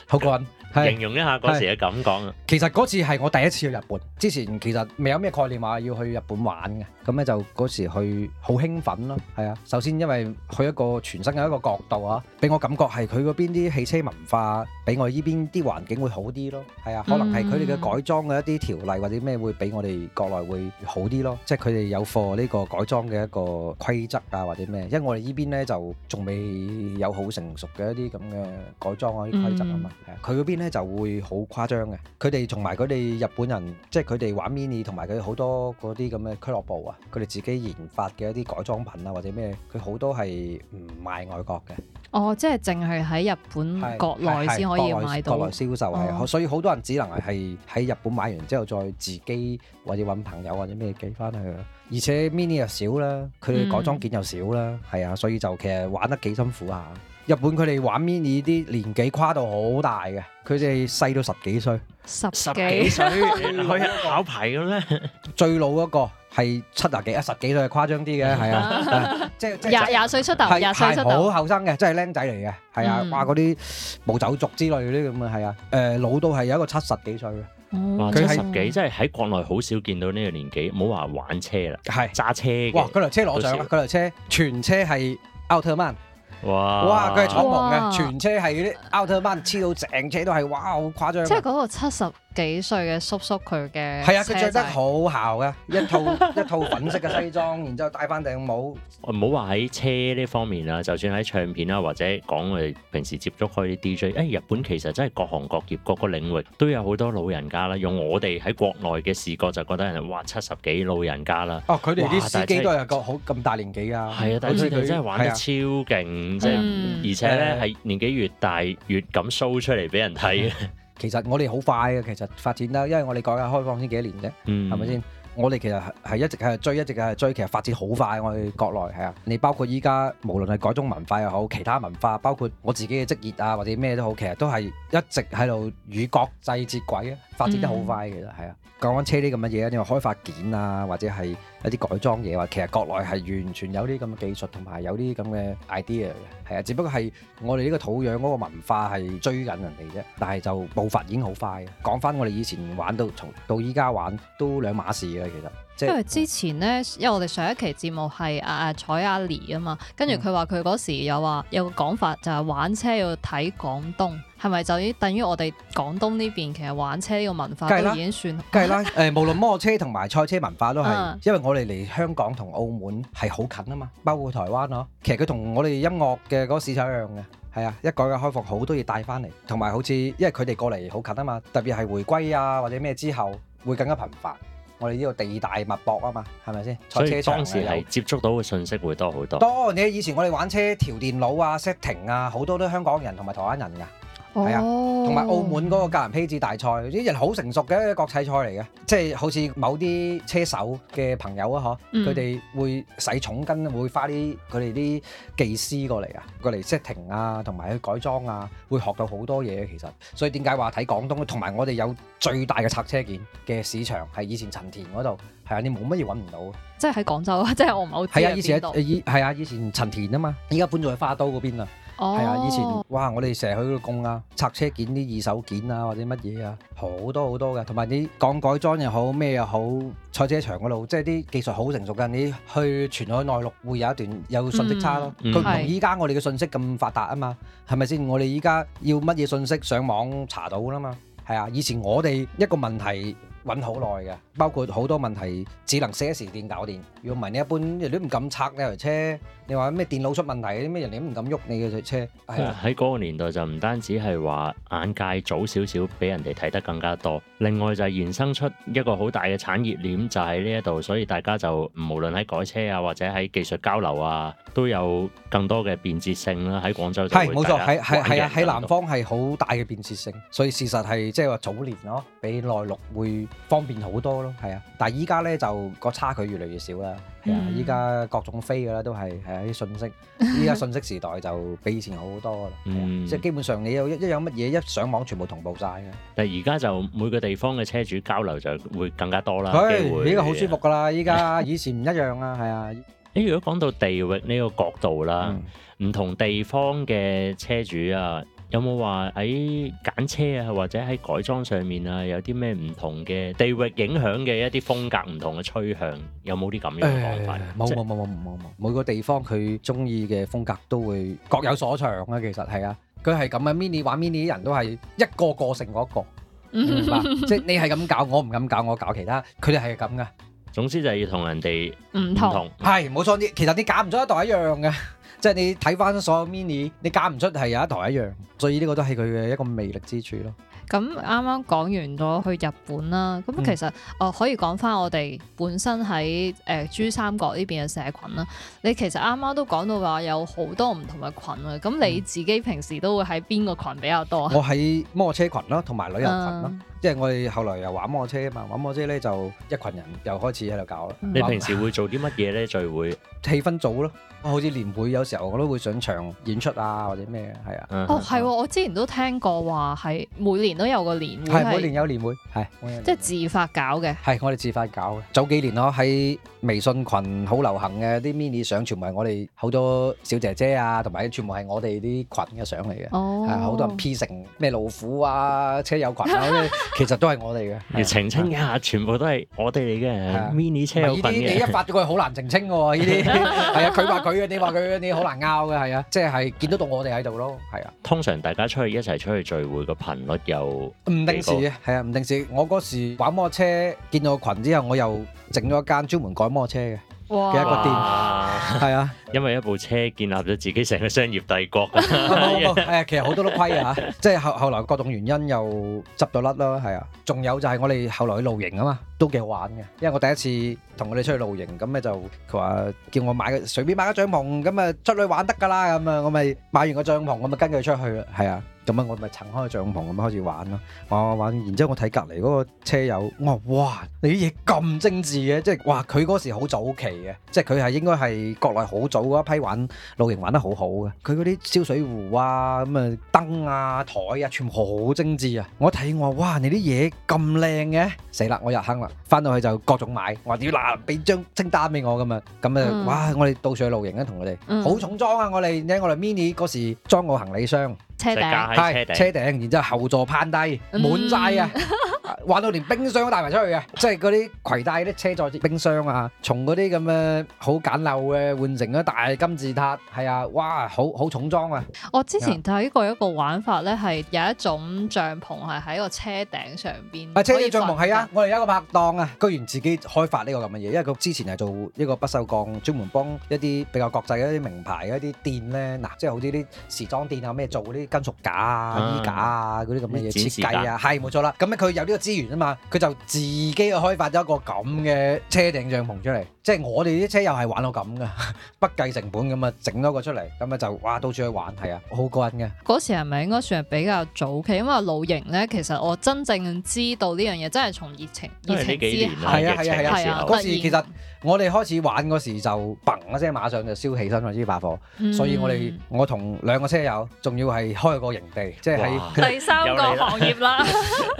好過癮。形容一下嗰時嘅感覺啊！其實嗰次係我第一次去日本，之前其實未有咩概念話要去日本玩嘅，咁咧就嗰時去好興奮咯，係啊！首先因為去一個全新嘅一個角度啊，俾我感覺係佢嗰邊啲汽車文化比我依邊啲環境會好啲咯，係啊，可能係佢哋嘅改裝嘅一啲條例或者咩會比我哋國內會好啲咯，即係佢哋有貨呢個改裝嘅一個規則啊或者咩，因為我哋依邊咧就仲未有好成熟嘅一啲咁嘅改裝嗰啲規則啊嘛，係啊，佢嗰咧就會好誇張嘅，佢哋同埋佢哋日本人，即係佢哋玩 mini 同埋佢好多嗰啲咁嘅俱樂部啊，佢哋自己研發嘅一啲改裝品啊或者咩，佢好多係唔賣外國嘅。哦，即係淨係喺日本國內先可以買到，國內，國內銷售係，哦、所以好多人只能係喺日本買完之後再自己或者揾朋友或者咩寄翻去。而且 mini 又少啦，佢改裝件又少啦，係啊、嗯，所以就其實玩得幾辛苦啊。日本佢哋玩 mini 啲年紀跨度好大嘅，佢哋細到十幾歲，十幾歲去考牌咁咧。最老嗰個係七十幾啊，十幾歲係誇張啲嘅，係啊，即係廿廿歲出頭，廿歲出頭，好後生嘅，真係僆仔嚟嘅，係啊，話嗰啲冇走族之類啲咁嘅。係啊，誒老到係有一個七十幾歲。佢七十幾即係喺國內好少見到呢個年紀，唔好話玩車啦，係揸車嘅。哇，嗰台車攞上啦，嗰台車全車係奧特曼。哇！哇！佢係敞篷嘅，哇全車係嗰啲奧特曼 l e 黐到成車都係，哇！好誇張，即係嗰個七十幾歲嘅叔叔佢嘅係啊，佢着得好姣嘅，一套一套粉色嘅西裝，然之後戴翻頂帽。唔好話喺車呢方面啦，就算喺唱片啦，或者講我哋平時接觸開啲 DJ，誒日本其實真係各行各業、各個領域都有好多老人家啦。用我哋喺國內嘅視覺就覺得人哋哇七十幾老人家啦。哦，佢哋啲司機是都係個好咁大年紀啊。係、嗯、啊，但佢真係玩得超勁，即、啊嗯、而且咧係年紀越大越敢 show 出嚟俾人睇。 其實我哋好快嘅，其實發展得，因為我哋改革開放先幾年啫，係咪先？我哋其實係一直係追，一直係追，其實發展好快。我哋國內係啊，你包括依家無論係改裝文化又好，其他文化，包括我自己嘅職業啊，或者咩都好，其實都係一直喺度與國際接軌嘅。發展得好快，其實係啊，講返、嗯、車啲咁嘅嘢咧，你話開發件啊，或者係一啲改裝嘢，其實國內係完全有啲咁嘅技術同埋有啲咁嘅 idea 嘅，係啊，只不過係我哋呢個土壤嗰個文化係追緊人哋啫，但係就步伐已經好快。講返我哋以前玩到到而家玩都兩碼事啦，其實。就是、因為之前咧，因為我哋上一期節目係啊啊彩阿尼啊嘛，跟住佢話佢嗰時又話有個講法就係玩車要睇廣東，係咪就已等於我哋廣東呢邊其實玩車呢個文化已經算好？梗係啦，誒無論摩托車同埋賽車文化都係， 因為我哋嚟香港同澳門係好近啊嘛，包括台灣嗬、啊，其實佢同我哋音樂嘅嗰個市場一樣嘅，係啊，一改革開放，多好多嘢帶翻嚟，同埋好似因為佢哋過嚟好近啊嘛，特別係回歸啊或者咩之後會更加頻繁。我哋呢個地大物博啊嘛，係咪先？所以當時係接觸到嘅信息會多好多，多。多，你以前我哋玩車調電腦啊、setting 啊，好多都是香港人同埋台灣人㗎。係啊，同埋澳門嗰個格蘭披治大賽，啲人好成熟嘅國際賽嚟嘅，即係好似某啲車手嘅朋友啊，呵、嗯，佢哋會使重金，會花啲佢哋啲技師過嚟啊，過嚟 setting 啊，同埋去改裝啊，會學到好多嘢其實。所以點解話睇廣東？同埋我哋有最大嘅拆車件嘅市場，係以前陳田嗰度，係啊，你冇乜嘢揾唔到即。即係喺廣州啊，即係我唔係好知喺邊度。係啊，以前陳田啊嘛，而家搬咗去花都嗰邊啦。係啊，哦、以前哇，我哋成日去嗰度供啊，拆車件啲二手件啊，或者乜嘢啊，好多好多嘅。同埋你講改，改裝又好，咩又好，賽車場嗰度即係啲技術好成熟嘅。你去全海內陸會有一段有信息差咯。佢唔同依家我哋嘅信息咁發達啊嘛，係咪先？是我哋依家要乜嘢信息上網查到啦嘛。係啊，以前我哋一個問題。搵好耐嘅，包括好多問題只能 4S 店搞掂。如果唔係，你一般人都唔敢拆呢台車。你話咩電腦出問題啲咩，人哋都唔敢喐你嘅台車。喺嗰、啊、個年代就唔單止係話眼界早少少，比人哋睇得更加多。另外就係延伸出一個好大嘅產業鏈，就喺呢一度，所以大家就無論喺改車啊，或者喺技術交流啊，都有更多嘅便捷性啦。喺廣州係冇錯，喺喺係啊，喺南方係好大嘅便捷性。所以事實係即係話早年咯，比內陸會。方便好多咯，係啊！但係依家咧就個差距越嚟越少啦，係啊！依家、嗯、各種飛噶啦，都係係啊啲信息，依家信息時代就比以前好好多啦，嗯，即係基本上你有一一有乜嘢一上網全部同步晒嘅。但係而家就每個地方嘅車主交流就會更加多啦，佢呢個好舒服噶啦，依家的以前唔一樣啊，係啊！你 如果講到地域呢個角度啦，唔、嗯、同地方嘅車主啊。有冇話喺揀車啊，或者喺改裝上面啊，有啲咩唔同嘅地域影響嘅一啲風格唔同嘅趨向？有冇啲咁樣嘅講法？冇冇冇冇冇冇冇，每個地方佢中意嘅風格都會各有所長啊。其實係啊，佢係咁嘅。Mini 玩 Mini 啲人都係一個個性個個，明白？即係你係咁搞，我唔咁搞，我搞其他，佢哋係咁噶。總之就係要同人哋唔同，係冇錯啲。其實你揀唔咗一代一樣嘅。即係你睇翻所有 mini，你揀唔出係有一台一樣，所以呢個都係佢嘅一個魅力之處咯。咁啱啱講完咗去日本啦，咁其實我可以講翻我哋本身喺誒、呃、珠三角呢邊嘅社群啦。你其實啱啱都講到話有好多唔同嘅群，嘅，咁你自己平時都會喺邊個群比較多啊、嗯？我喺摩車群咯，同埋旅遊群咯。即係、uh, 我哋後來又玩摩車啊嘛，玩摩車咧就一群人又開始喺度搞啦。你平時會做啲乜嘢咧？聚 會氣氛組咯。好似年會，有時候我都會上場演出啊，或者咩嘢，係啊。哦，係，啊，我之前都聽過話，係每年都有個年會。係每年有年會，係。即係係自發搞嘅。係，我哋自發搞嘅。早幾年咯，喺。微信群好流行嘅啲 mini 相全，全部係我哋好多小姐姐啊，同埋全部係我哋啲群嘅相嚟嘅。哦、oh.，好多人 P 成咩路虎啊，車友群羣、啊， 其實都係我哋嘅。要澄清一下，是全部都係我哋嚟嘅 mini 車友群。呢啲你一發咗佢，好難澄清㗎喎。呢啲係啊，佢話佢嘅，你話佢， 你好難拗嘅，係啊。即係見得到我哋喺度咯。係啊。通常大家出去一齊出去聚會嘅頻率又唔定時啊。係啊，唔定時。我嗰時玩摩車，見到群之後，我又整咗間專門改。摩托車嘅嘅哇一個店係哇啊，因為一部車建立咗自己成個商業帝國 其實好多都虧啊， 即係後後來各種原因又執咗甩啦，係啊，仲有就係我哋後來去露營啊嘛，都幾好玩嘅，因為我第一次同佢哋出去露營，咁咧就佢話叫我買個隨便買個帳篷，咁啊出去玩得噶啦，咁我咪買完個帳篷，我咪跟佢出去啦，係啊。咁我咪撐開帳篷咁開始玩咯，玩玩然之後我睇隔離嗰個車友，我話哇，你啲嘢咁精緻嘅、啊，即係哇，佢嗰時好早期嘅、啊，即係佢係應該係國內好早嗰一批玩露營玩得很好好嘅，佢嗰啲燒水壺啊，咁啊燈啊、枱啊，全部好精緻啊！我睇我話哇，你啲嘢咁靚嘅，死啦，我入坑啦！返到去就各種買，我話屌嗱，俾張清單俾我咁樣，咁我哋到處去露營啊，同佢哋好重裝啊，我哋我哋 mini 嗰時裝個行李箱。車頂係車頂，然之後後座攀低，滿晒啊！嗯 玩到連冰箱都帶埋出去啊，即係嗰啲攜帶嗰啲車載冰箱啊，從嗰啲咁嘅好簡陋嘅換成咗大金字塔，係啊，哇，好好重裝啊！我之前睇過一個玩法咧，係有一種帳篷係喺個車頂上邊，啊，車頂帳篷係啊！我哋有一個拍檔啊，居然自己開發呢個咁嘅嘢，因為佢之前係做一個不鏽鋼，專門幫一啲比較國際嘅一啲名牌嘅一啲店咧，嗱，即係好似啲時裝店啊咩做嗰啲金屬架啊衣架啊嗰啲咁嘅嘢設計啊，係冇錯啦。咁咧佢有啲，個資源啊嘛，佢就自己開發咗一個咁嘅車頂帳篷出嚟，即係我哋啲車友係玩到咁噶， 不計成本咁啊整多個出嚟，咁啊就哇到處去玩，係啊，好過癮嘅。嗰時係咪應該算係比較早期，因為露營咧，其實我真正知道呢樣嘢，真係從熱情，因為呢幾年係啊係啊係啊，啊啊嗰時其實。我哋開始玩嗰時，就砰一聲，馬上就燒起身，開始爆火，嗯、所以我哋我同兩個車友仲要係開個營地，即係喺哇 第三個行業啦。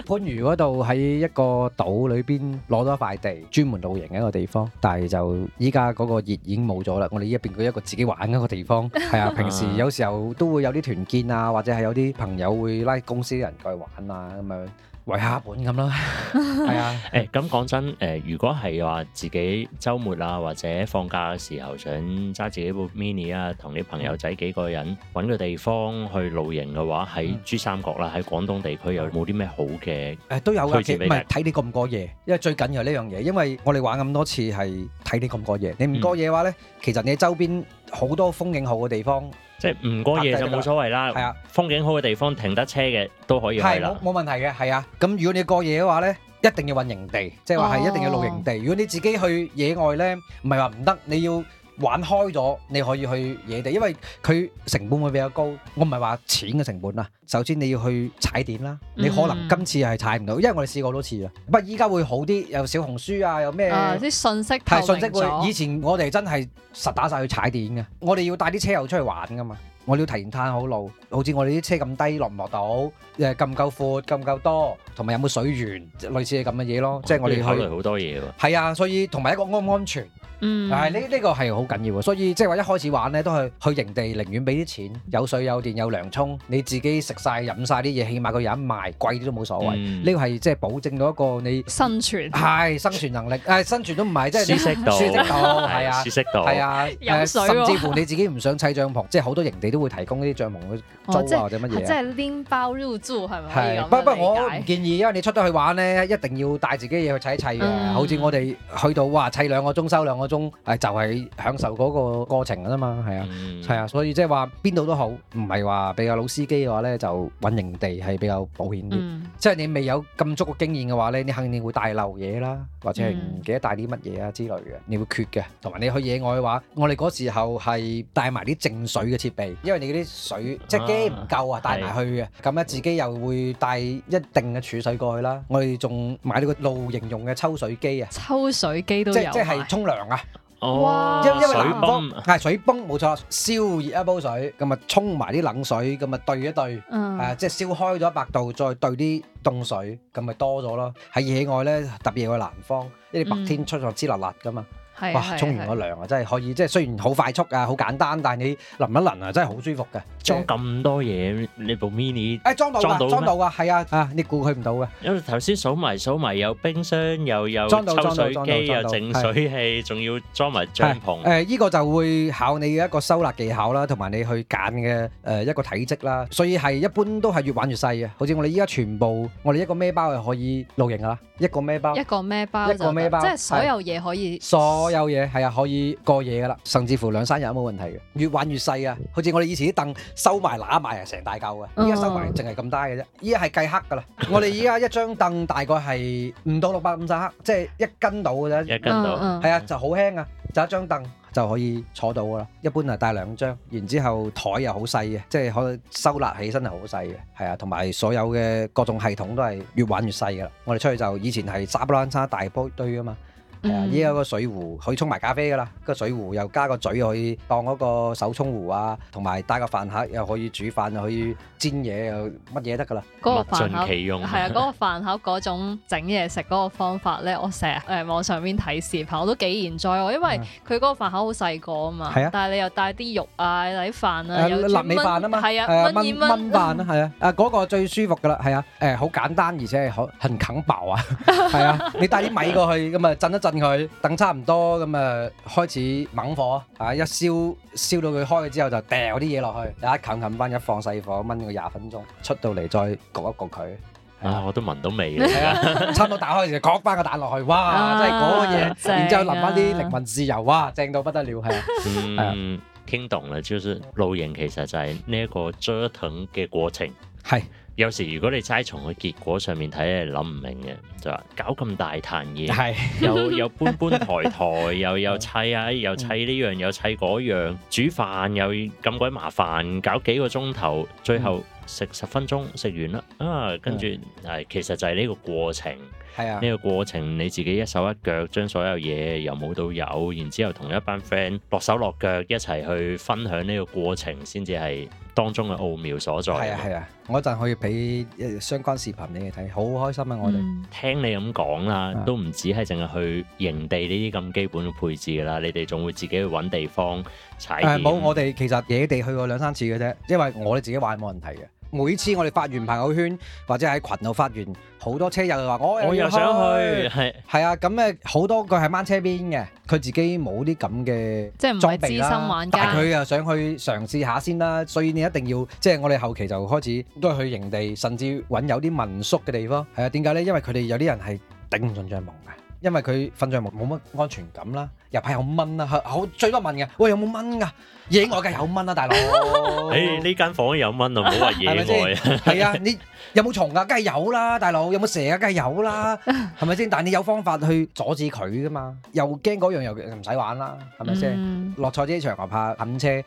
番禺嗰度喺一個島裏邊攞咗塊地，專門露營嘅一個地方，但係就依家嗰個熱已經冇咗啦。我哋依邊佢一個自己玩一個地方，係啊， 平時有時候都會有啲團建啊，或者係有啲朋友會拉公司啲人過去玩啊咁樣。圍下本咁咯，係 啊、哎！誒咁講真，誒、呃、如果係話自己週末啊或者放假嘅時候想揸自己部 mini 啊，同啲朋友仔幾個人揾個地方去露營嘅話，喺珠三角啦，喺、嗯、廣東地區有冇啲咩好嘅？誒、嗯、都有嘅，唔係睇你過唔過夜，因為最緊要呢樣嘢，因為我哋玩咁多次係睇你過唔過夜，你唔過夜嘅話咧，嗯、其實你周邊好多風景好嘅地方。即係唔過夜就冇所謂啦，係啊，風景好嘅地方停得車嘅都可以去咯，冇問題嘅，係啊。咁如果你過夜嘅話咧，一定要搵營地，即係話係一定要露營地。哦。如果你自己去野外咧，唔係話唔得，你要。玩開咗，你可以去野地，因為佢成本會比較高。我唔係話錢嘅成本啊，首先你要去踩點啦。嗯、你可能今次係踩唔到，因為我哋試過好多次啊。不過依家會好啲，有小紅書啊，有咩啲信息，信息。以前我哋真係實打晒去踩點嘅，我哋要帶啲車友出去玩噶嘛。我哋要提前探好路，好似我哋啲車咁低，落唔落到，誒夠唔夠闊，夠唔夠多，同埋有冇水源，類似係咁嘅嘢咯。嗯、即係我哋要考慮好多嘢喎。係啊，所以同埋一個安唔安全。但係呢呢個係好緊要喎，所以即係話一開始玩咧，都係去營地，寧願俾啲錢，有水有電有涼衝，你自己食晒、飲晒啲嘢，起碼佢有得賣，貴啲都冇所謂。呢個係即係保證到一個你生存，係生存能力。誒，生存都唔係，即係舒適度，舒適度係啊，舒適度係啊，甚至乎你自己唔想砌帳篷，即係好多營地都會提供呢啲帳篷嘅租或者乜嘢，即係拎包入住係咪？係，不不過，我唔建議，因為你出咗去玩咧，一定要帶自己嘢去砌一砌嘅。好似我哋去到哇，砌兩個鐘收兩個。個鐘係就係享受嗰個過程㗎啫嘛，係啊，係啊、嗯，所以即係話邊度都好，唔係話比較老司機嘅話咧，就揾營地係比較保險啲。即係、嗯、你未有咁足嘅經驗嘅話咧，你肯定會帶漏嘢啦，或者係唔記得帶啲乜嘢啊之類嘅，嗯、你會缺嘅。同埋你去野外嘅話，我哋嗰時候係帶埋啲淨水嘅設備，因為你嗰啲水即係機唔夠啊，帶埋去嘅。咁咧的自己又會帶一定嘅儲水過去啦。我哋仲買咗個露營用嘅抽水機啊，抽水機都有，即係沖涼哇！因為因為南方係水泵冇錯，燒熱一煲水，咁咪沖埋啲冷水，咁咪對一對，誒、嗯呃、即係燒開咗一百度，再對啲凍水，咁咪多咗咯。喺野外咧，特別係南方，呢啲白天出汗支辣辣噶嘛。嗯哇！沖完個涼啊，真係可以，即係雖然好快速啊，好簡單，但係你淋一淋啊，真係好舒服嘅。裝咁多嘢，你部 MINI？誒，裝到，裝到，裝到嘅，係啊啊，你估佢唔到嘅。因為頭先數埋數埋，有冰箱，又有抽水機，又淨水器，仲要裝埋帳篷。誒，依個就會考你嘅一個收納技巧啦，同埋你去揀嘅誒一個體積啦。所以係一般都係越玩越細嘅。好似我哋依家全部，我哋一個孭包就可以露營噶啦，一個孭包，一個孭包，一個孭包，即係所有嘢可以。所有嘢，係啊，可以過夜噶啦，甚至乎兩三日都冇問題嘅。越玩越細啊，好似我哋以前啲凳收埋揦埋啊，成大嚿嘅。依家收埋淨係咁低嘅啫。依家係計克噶啦， 我哋依家一張凳大概係唔到六百五十克，即係一斤到嘅啫。一斤到，係啊，就好輕啊，就一張凳就可以坐到噶啦。一般啊，帶兩張，然之後台又好細嘅，即係可以收納起身係好細嘅。係啊，同埋所有嘅各種系統都係越玩越細嘅啦。我哋出去就以前係雜不攏叉，大波堆啊嘛。依家有個水壺可以沖埋咖啡噶啦，個水壺又加個嘴可以當嗰個手沖壺啊，同埋帶個飯盒又可以煮飯，又可以煎嘢，又乜嘢得噶啦？嗰個飯盒，物盡其用。係啊，嗰個飯盒嗰種整嘢食嗰個方法咧，我成日誒網上邊睇視頻我都幾賢載喎，因為佢嗰個飯盒好細個啊嘛，但係你又帶啲肉啊、帶啲飯啊，有粒米飯啊嘛，係啊，燜燜飯啊係啊，誒嗰個最舒服噶啦，係啊，誒好簡單而且係好很啃爆啊，係啊，你帶啲米過去咁啊，震一震。佢等差唔多咁啊，開始猛火嚇，一燒燒到佢開咗之後，就掉啲嘢落去，一冚冚翻，一放細火炆個廿分鐘，出到嚟再焗一焗佢。啊，啊，我都聞到味啦、 啊，差唔多打開就焗翻個蛋落去，哇，真係嗰個嘢，啊、然之後淋翻啲靈魂自由。哇，正到不得了，係啊。嗯，聽懂啦，就是露營其實就係呢一個折騰嘅過程。係。有時如果你齋從佢結果上面睇，係諗唔明嘅，就話搞咁大壇嘢， 又又搬搬抬抬，又又砌啊，又砌呢樣又砌嗰樣，煮飯又咁鬼麻煩，搞幾個鐘頭，最後食十分鐘，食完啦啊，跟住係其實就係呢個過程。係啊，呢個過程你自己一手一腳將所有嘢由冇到有，然之後同一班 friend 落手落腳一齊去分享呢個過程，先至係當中嘅奧妙所在。係啊係啊，我一陣可以俾相關視頻你哋睇，好開心啊！嗯、我哋聽你咁講啦，啊、都唔止係淨係去營地呢啲咁基本嘅配置噶啦，你哋仲會自己去揾地方踩。誒、冇、啊，我哋其實野地去過兩三次嘅啫，因為我哋自己玩冇問題嘅。每次我哋發完朋友圈，或者喺群度發完，好多車友就話我，我又想去。係，係啊，咁誒，好多佢係掹車邊嘅，佢自己冇啲咁嘅即係裝備啦，但係佢又想去嘗試下先啦。所以你一定要即係、就是、我哋後期就開始都係去營地，甚至揾有啲民宿嘅地方。係啊，點解咧？因為佢哋有啲人係頂唔順帳篷嘅。因為佢瞓著冇冇乜安全感啦，又怕有蚊啦，好最多問嘅，喂，有冇蚊噶？野外梗有蚊啊，大佬。誒呢間房有蚊啊，冇話野外啊。係啊，你有冇蟲噶？梗係有啦，大佬，有冇蛇啊？梗係有啦，係咪先？但係你有方法去阻止佢噶嘛？又驚嗰樣又唔使玩啦，係咪先？落賽車場又怕冚車，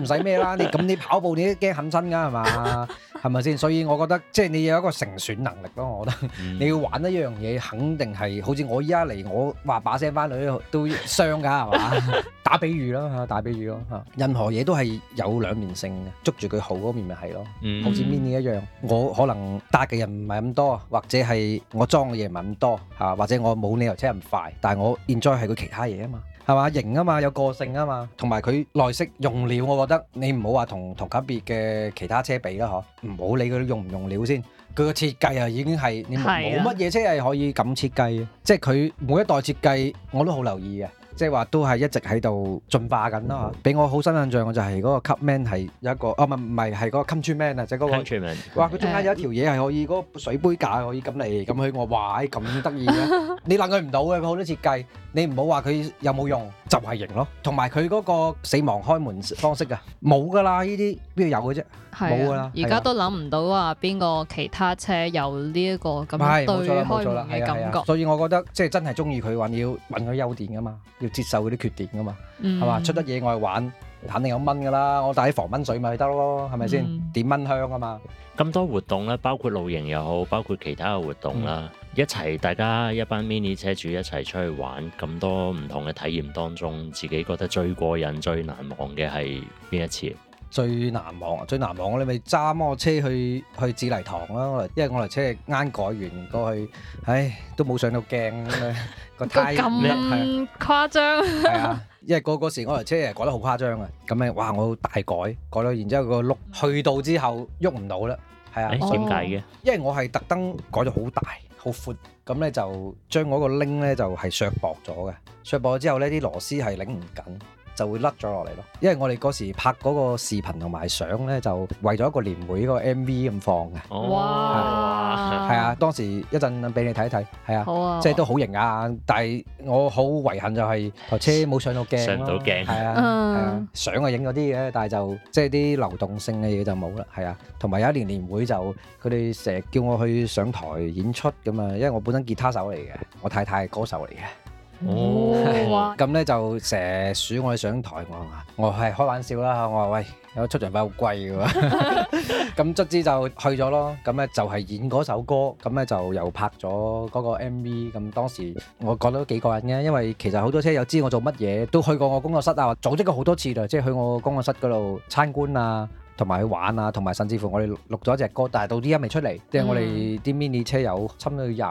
唔使咩啦？你咁你跑步你都驚冚親㗎係嘛？係咪先？所以我覺得即係你要有一個承選能力咯，我覺得你要玩一樣嘢肯定係好似我依家。嚟我話把聲翻嚟都傷㗎係嘛？打比喻咯嚇，打比喻咯嚇。任何嘢都係有兩面性嘅，捉住佢好嗰面咪係咯。嗯。好似 mini 一樣，我可能搭嘅人唔係咁多，或者係我裝嘅嘢唔係咁多嚇，或者我冇理由車唔快，但係我現在係佢其他嘢啊嘛，係嘛，型啊嘛，有個性啊嘛，同埋佢內飾用料，我覺得你唔好話同同級別嘅其他車比啦呵，唔好理佢用唔用料先。佢個設計啊，已經係冇乜嘢，車係可以咁設計的。是啊、即係佢每一代設計，我都好留意嘅。即係話都係一直喺度進化緊咯。俾、mm hmm. 我好深印象嘅就係嗰個 Clubman 係有一個，啊，唔係唔係係嗰個 Countryman 啊，即係嗰個。哇！佢中間有一條嘢係可以嗰 Yeah. 個水杯架可以咁嚟咁去，佢我話哇，咁得意嘅， 你諗佢唔到嘅好多設計。你唔好話佢有冇用，就係、是、型咯。同埋佢嗰個死亡開門方式啊，冇噶啦，呢啲邊度有嘅啫，冇噶啦。而家都諗唔到話邊個其他車有呢一個咁對開門嘅感覺、啊啊啊。所以我覺得即係真係中意佢話，你要揾佢優點噶嘛，要接受嗰啲缺點噶嘛，係嘛、嗯？出得野外玩。肯定有蚊噶啦，我帶啲防蚊水咪得咯，係咪先？嗯、點蚊香啊嘛！咁多活動咧，包括露營又好，包括其他嘅活動啦、嗯，一齊大家一班 mini 車主一齊出去玩，咁多唔同嘅體驗當中，自己覺得最過癮、最難忘嘅係邊一次最？最難忘啊！最難忘我哋咪揸摩托車去去紫泥堂啦，因為我台車係啱改完過去，唉，都冇上到鏡，個太咁誇張。因為嗰嗰時我台車又改得好誇張啊，咁咧哇我大改改到然之後個轆去到之後喐唔到啦，係啊，點解嘅？為因為我係特登改咗好大、好闊，咁咧就將嗰個擰咧就係削薄咗嘅，削薄咗之後咧啲螺絲係擰唔緊。就會甩咗落嚟咯，因為我哋嗰時拍嗰個視頻同埋相咧，就為咗一個年會個 MV 咁放嘅。哇！係啊的， 當時一陣俾你睇一睇，係啊，即係都好型啊！但係我好遺憾就係、係、台車冇上到鏡。上到鏡係啊，係啊的，相啊影咗啲嘅，但係就即係啲流動性嘅嘢就冇啦。係啊，同埋有一年年會就佢哋成日叫我去上台演出咁啊，因為我本身吉他手嚟嘅，我太太係歌手嚟嘅。哦，咁咧、嗯、 就成日鼠，我上台我話，我係開玩笑啦嚇，我話喂，個出場費好貴喎。咁卒之就去咗咯，咁咧就係演嗰首歌，咁咧就又拍咗嗰個 MV。咁當時我覺得幾過癮嘅，因為其實好多車友知我做乜嘢，都去過我工作室啊，或組織過好多次啦，即係去我工作室嗰度參觀啊。同埋去玩啊，同埋甚至乎我哋錄咗一隻歌，但係到而家未出嚟。即係、嗯、我哋啲 mini 車友差唔多廿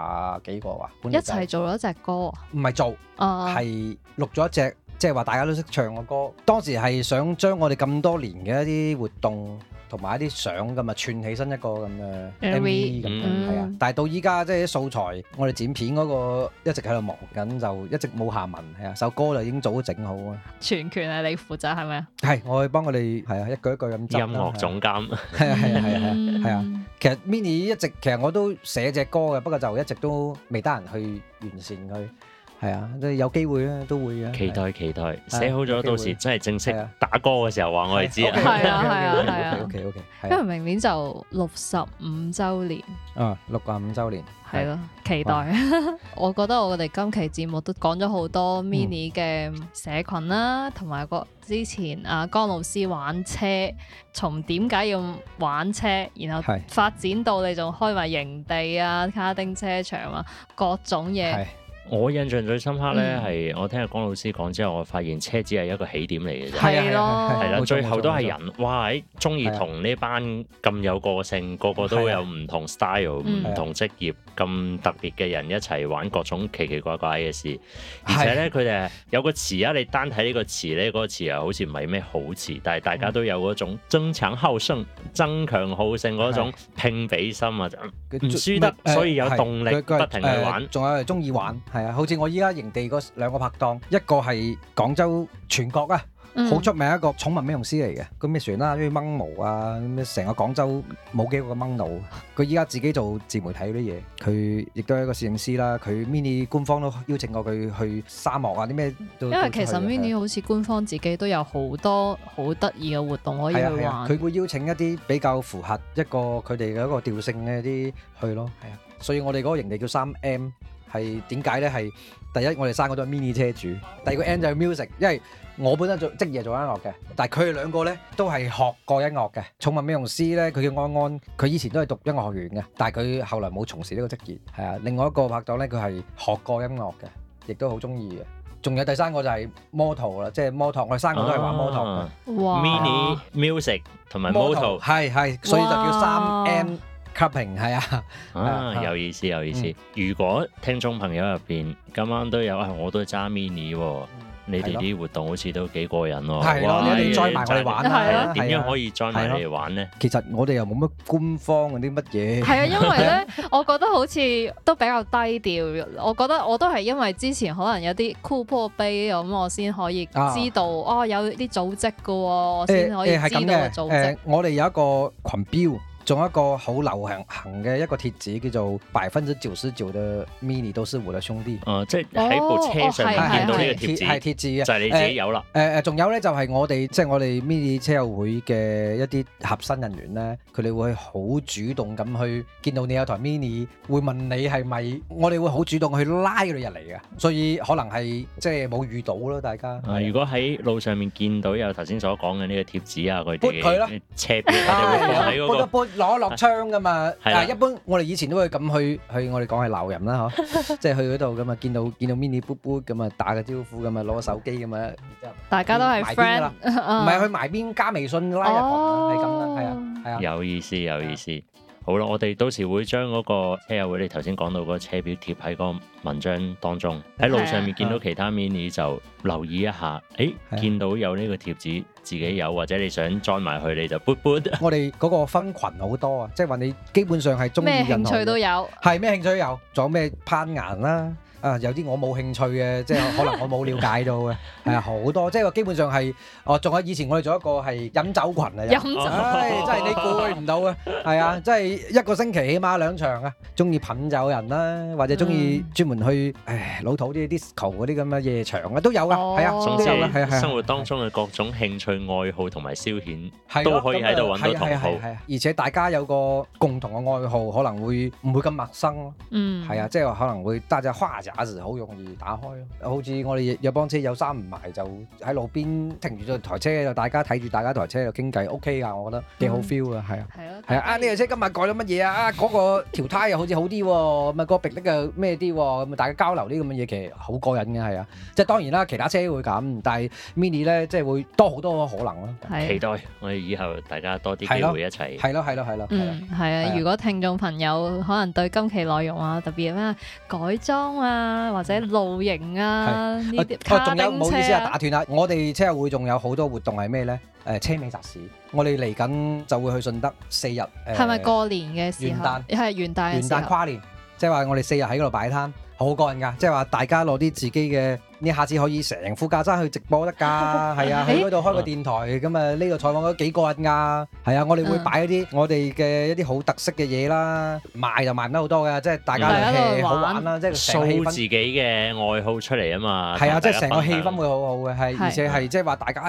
幾個啊，就是、一齊做咗一隻歌。唔係做，係、uh、錄咗一隻，即係話大家都識唱嘅歌。當時係想將我哋咁多年嘅一啲活動。同埋一啲相咁啊串起身一個咁嘅 MV 咁樣，係啊！但係到依家即係啲素材，我哋剪片嗰個一直喺度忙緊，就一直冇下文係啊！首歌就已經早整好啊！全權係你負責係咪啊？係，我去幫我哋係啊，一句一句咁音樂總監係啊係啊係啊，係啊！其實 MINI 一直其實我都寫隻歌嘅，不過就一直都未得人去完善佢。係啊，有機會咧、啊，都會啊。啊，期待期待，寫好咗、啊啊、到時真係正式打歌嘅時候話我哋知啊。係啊係啊，OK 啊。OK，因為明年就六十五週年啊，六啊五週年。係咯、啊，啊、期待。哇 我覺得我哋今期節目都講咗好多 Mini 嘅社群啦、啊，同埋、嗯、個之前啊江老師玩車，從點解要玩車，然後發展到你仲開埋營地啊、卡丁車場啊，各種嘢。我印象最深刻咧，係我聽阿江老師講之後，我發現車只係一個起點嚟嘅啫。係啊，係啦，最後都係人。哇，喺中意同呢班咁有個性，個個都有唔同 style、唔同職業咁特別嘅人一齊玩各種奇奇怪怪嘅事。而且咧，佢哋有個詞啊，你單睇呢個詞咧，嗰個詞又，好似唔係咩好詞，但係大家都有嗰種爭搶好勝、爭強好勝嗰種拼比心啊，就唔輸得，所以有動力不停去玩。仲有係中意玩。係啊，好似我依家營地個兩個拍檔，一個係廣州全國啊，好、嗯、出名一個寵物美容師嚟嘅，個咩船啦、啊，咩掹毛啊，咩成個廣州冇幾個掹毛。佢依家自己做自媒體嗰啲嘢，佢亦都係一個攝影師啦。佢 Mini 官方都邀請過佢去沙漠啊啲咩。都因為其實 Mini、啊、好似官方自己都有好多好得意嘅活動可以去玩。佢、啊啊、會邀請一啲比較符合一個佢哋嘅一個調性嘅一啲去咯，係啊，啊。所以我哋嗰個營地叫三 M。係點解咧？係第一，我哋三個都係 mini 車主。第二個 M 就係 music，因為我本身做職業做音樂嘅。但係佢哋兩個咧都係學過音樂嘅。寵物美容師咧，佢叫安安，佢以前都係讀音樂學院嘅，但係佢後來冇從事呢個職業。係啊，另外一個拍檔咧，佢係學過音樂嘅，亦都好中意嘅。仲有第三個就係 moto 啦，即係 moto。我哋三個都係玩 moto 嘅。哇！Mini music 同埋 moto，係係，所以就叫三 M。c o p 係啊，啊，有意思有意思。如果聽眾朋友入邊今晚都有啊，我都揸 mini 喎。你哋啲活動好似都幾過癮喎，係咯，你哋 join 埋玩。係啊，點樣可以 join 嚟玩咧？其實我哋又冇乜官方嗰啲乜嘢。係啊，因為咧，我覺得好似都比較低調。我覺得我都係因為之前可能有啲 cool play 咁，我先可以知道哦，有啲組織嘅喎，我先可以知道個組織。誒，我哋有一個群標。仲一個好流行行嘅一個貼紙，叫做百分之九十九嘅 mini 都是我的兄弟。哦、嗯，即係喺部車上面見到呢個貼紙，係貼紙嘅，就你自己有啦。誒誒、嗯，仲、嗯、有咧，就係、是、我哋即係我哋 mini 車友會嘅一啲核心人員咧，佢哋會好主動咁去見到你有台 mini，會問你係咪？我哋會好主動去拉你入嚟嘅，所以可能係即係冇遇到咯，大家。嗯、是如果喺路上面見到有頭先所講嘅呢個貼紙啊，佢哋車尾，佢會喺嗰個 攞落窗噶嘛？的啊，一般我哋以前都會咁去去，去我哋講係鬧人啦嗬，啊、 即係去嗰度噶嘛，見到見到 Mini Boop Boop 咁啊，打個招呼咁啊，攞個手機咁樣，大家都係 friend、啊、啦，唔係去埋邊加微信拉入群，係咁啦，係啊，係啊有，有意思有意思。的好啦，我哋到時會將嗰個車友會你頭先講到嗰個車標貼喺個文章當中，喺路上面見到其他 Mini 就留意一下，誒、欸、見到有呢個貼紙。自己有，或者你想 join 埋去，你就 boot boot。我哋嗰個分群好多啊，即係話你基本上係中意任何的，咩興趣都有，係咩興趣都有，仲有咩攀岩啦、啊。啊，有啲我冇興趣嘅，即係可能我冇了解到嘅，係啊，好多，即係話基本上係，哦，仲有以前我哋做一個係飲酒群嚟飲酒，即係你估唔到嘅，係啊，即係一個星期起碼兩場啊，中意品酒人啦，或者中意專門去，誒老土啲 disco 嗰啲咁嘅夜場啊都有啊，係啊，從而生活當中嘅各種興趣愛好同埋消遣，都可以喺度揾到同好，而且大家有個共同嘅愛好，可能會唔會咁陌生咯？嗯，係啊，即係話可能會得只花咋。有時好容易打開咯，好似我哋有幫車有衫唔埋，就喺路邊停住咗台車，就大家睇住大家台車又傾偈，OK 㗎，我覺得幾好 feel 啊。係啊，係咯，係啊，呢台車今日改咗乜嘢啊？啊，嗰個條胎又好似好啲喎，個壁力又咩啲喎，大家交流啲咁嘅嘢，其實好過癮嘅，係啊，即係當然啦，其他車會咁，但係 Mini 咧即係會多好多可能咯。期待我哋以後大家多啲機會一齊，係咯，係咯，係咯，嗯，係啊。如果聽眾朋友可能對今期內容啊，特別咩改裝啊？或者露營啊，呢啲仲有，唔好意思啊，打斷啊，我哋車友會仲有好多活動係咩咧？誒，車尾集市，我哋嚟緊就會去順德四日。係、呃、咪過年嘅時候？元旦係元旦。元，元旦跨年，即係話我哋四日喺嗰度擺攤，好過癮㗎，即係話大家攞啲自己嘅。你下次可以成副駕駛去直播得㗎，係 啊，喺嗰度開個電台，咁啊呢度採訪幾個人啊，係啊，我哋會擺一啲、嗯、我哋嘅一啲好特色嘅嘢啦，賣就賣得好多嘅，即係大家嘅好玩啦，即係 show 自己嘅愛好出嚟啊嘛，係啊，即係成個氣氛會好好嘅，係、啊、是而且係即係話大家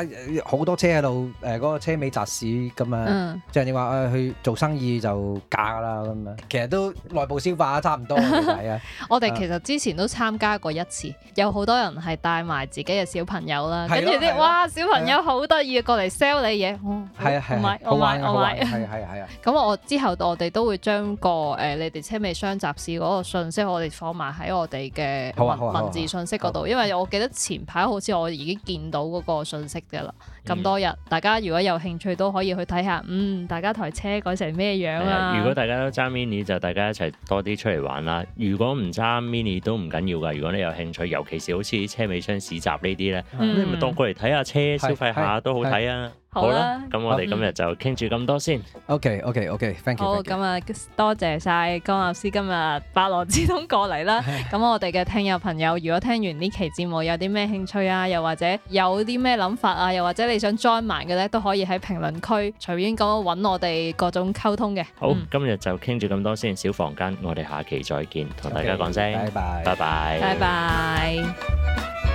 好多車喺度，誒、呃、嗰、那個車尾箱市集咁啊，即係你話啊去做生意就假啦咁啊，其實都內部消化差唔多係 啊， 我哋其實之前都參加過一次，有好多人。係帶埋自己嘅小朋友啦，跟住啲哇小朋友好得意啊，過嚟 sell 你嘢，係啊係啊，我買我買我買，係係啊。咁我之後我哋都會將個誒你哋車尾箱集市嗰個信息，我哋放埋喺我哋嘅文字信息嗰度，因為我記得前排好似我已經見到嗰個信息嘅啦。咁多日，大家如果有興趣都可以去睇下，嗯，大家台車改成咩樣啊？如果大家都揸 mini，就大家一齊多啲出嚟玩啦。如果唔揸 mini 都唔緊要㗎，如果你有興趣，尤其是好似～車尾箱市集這些呢啲咧，咁你咪當過嚟睇下車，消費下都好睇啊！好啦，咁、啊、我哋今日就傾住咁多先。OK，OK，OK，thank you, thank you。好，咁啊，多謝晒江老師今日百忙之中過嚟啦。咁 我哋嘅聽友朋友，如果聽完呢期節目有啲咩興趣啊，又或者有啲咩諗法啊，又或者你想 join 埋嘅咧，都可以喺評論區隨便講，搵我哋各種溝通嘅。好，嗯、今日就傾住咁多先，小房間，我哋下期再見，同大家講聲，拜拜，拜拜，拜拜。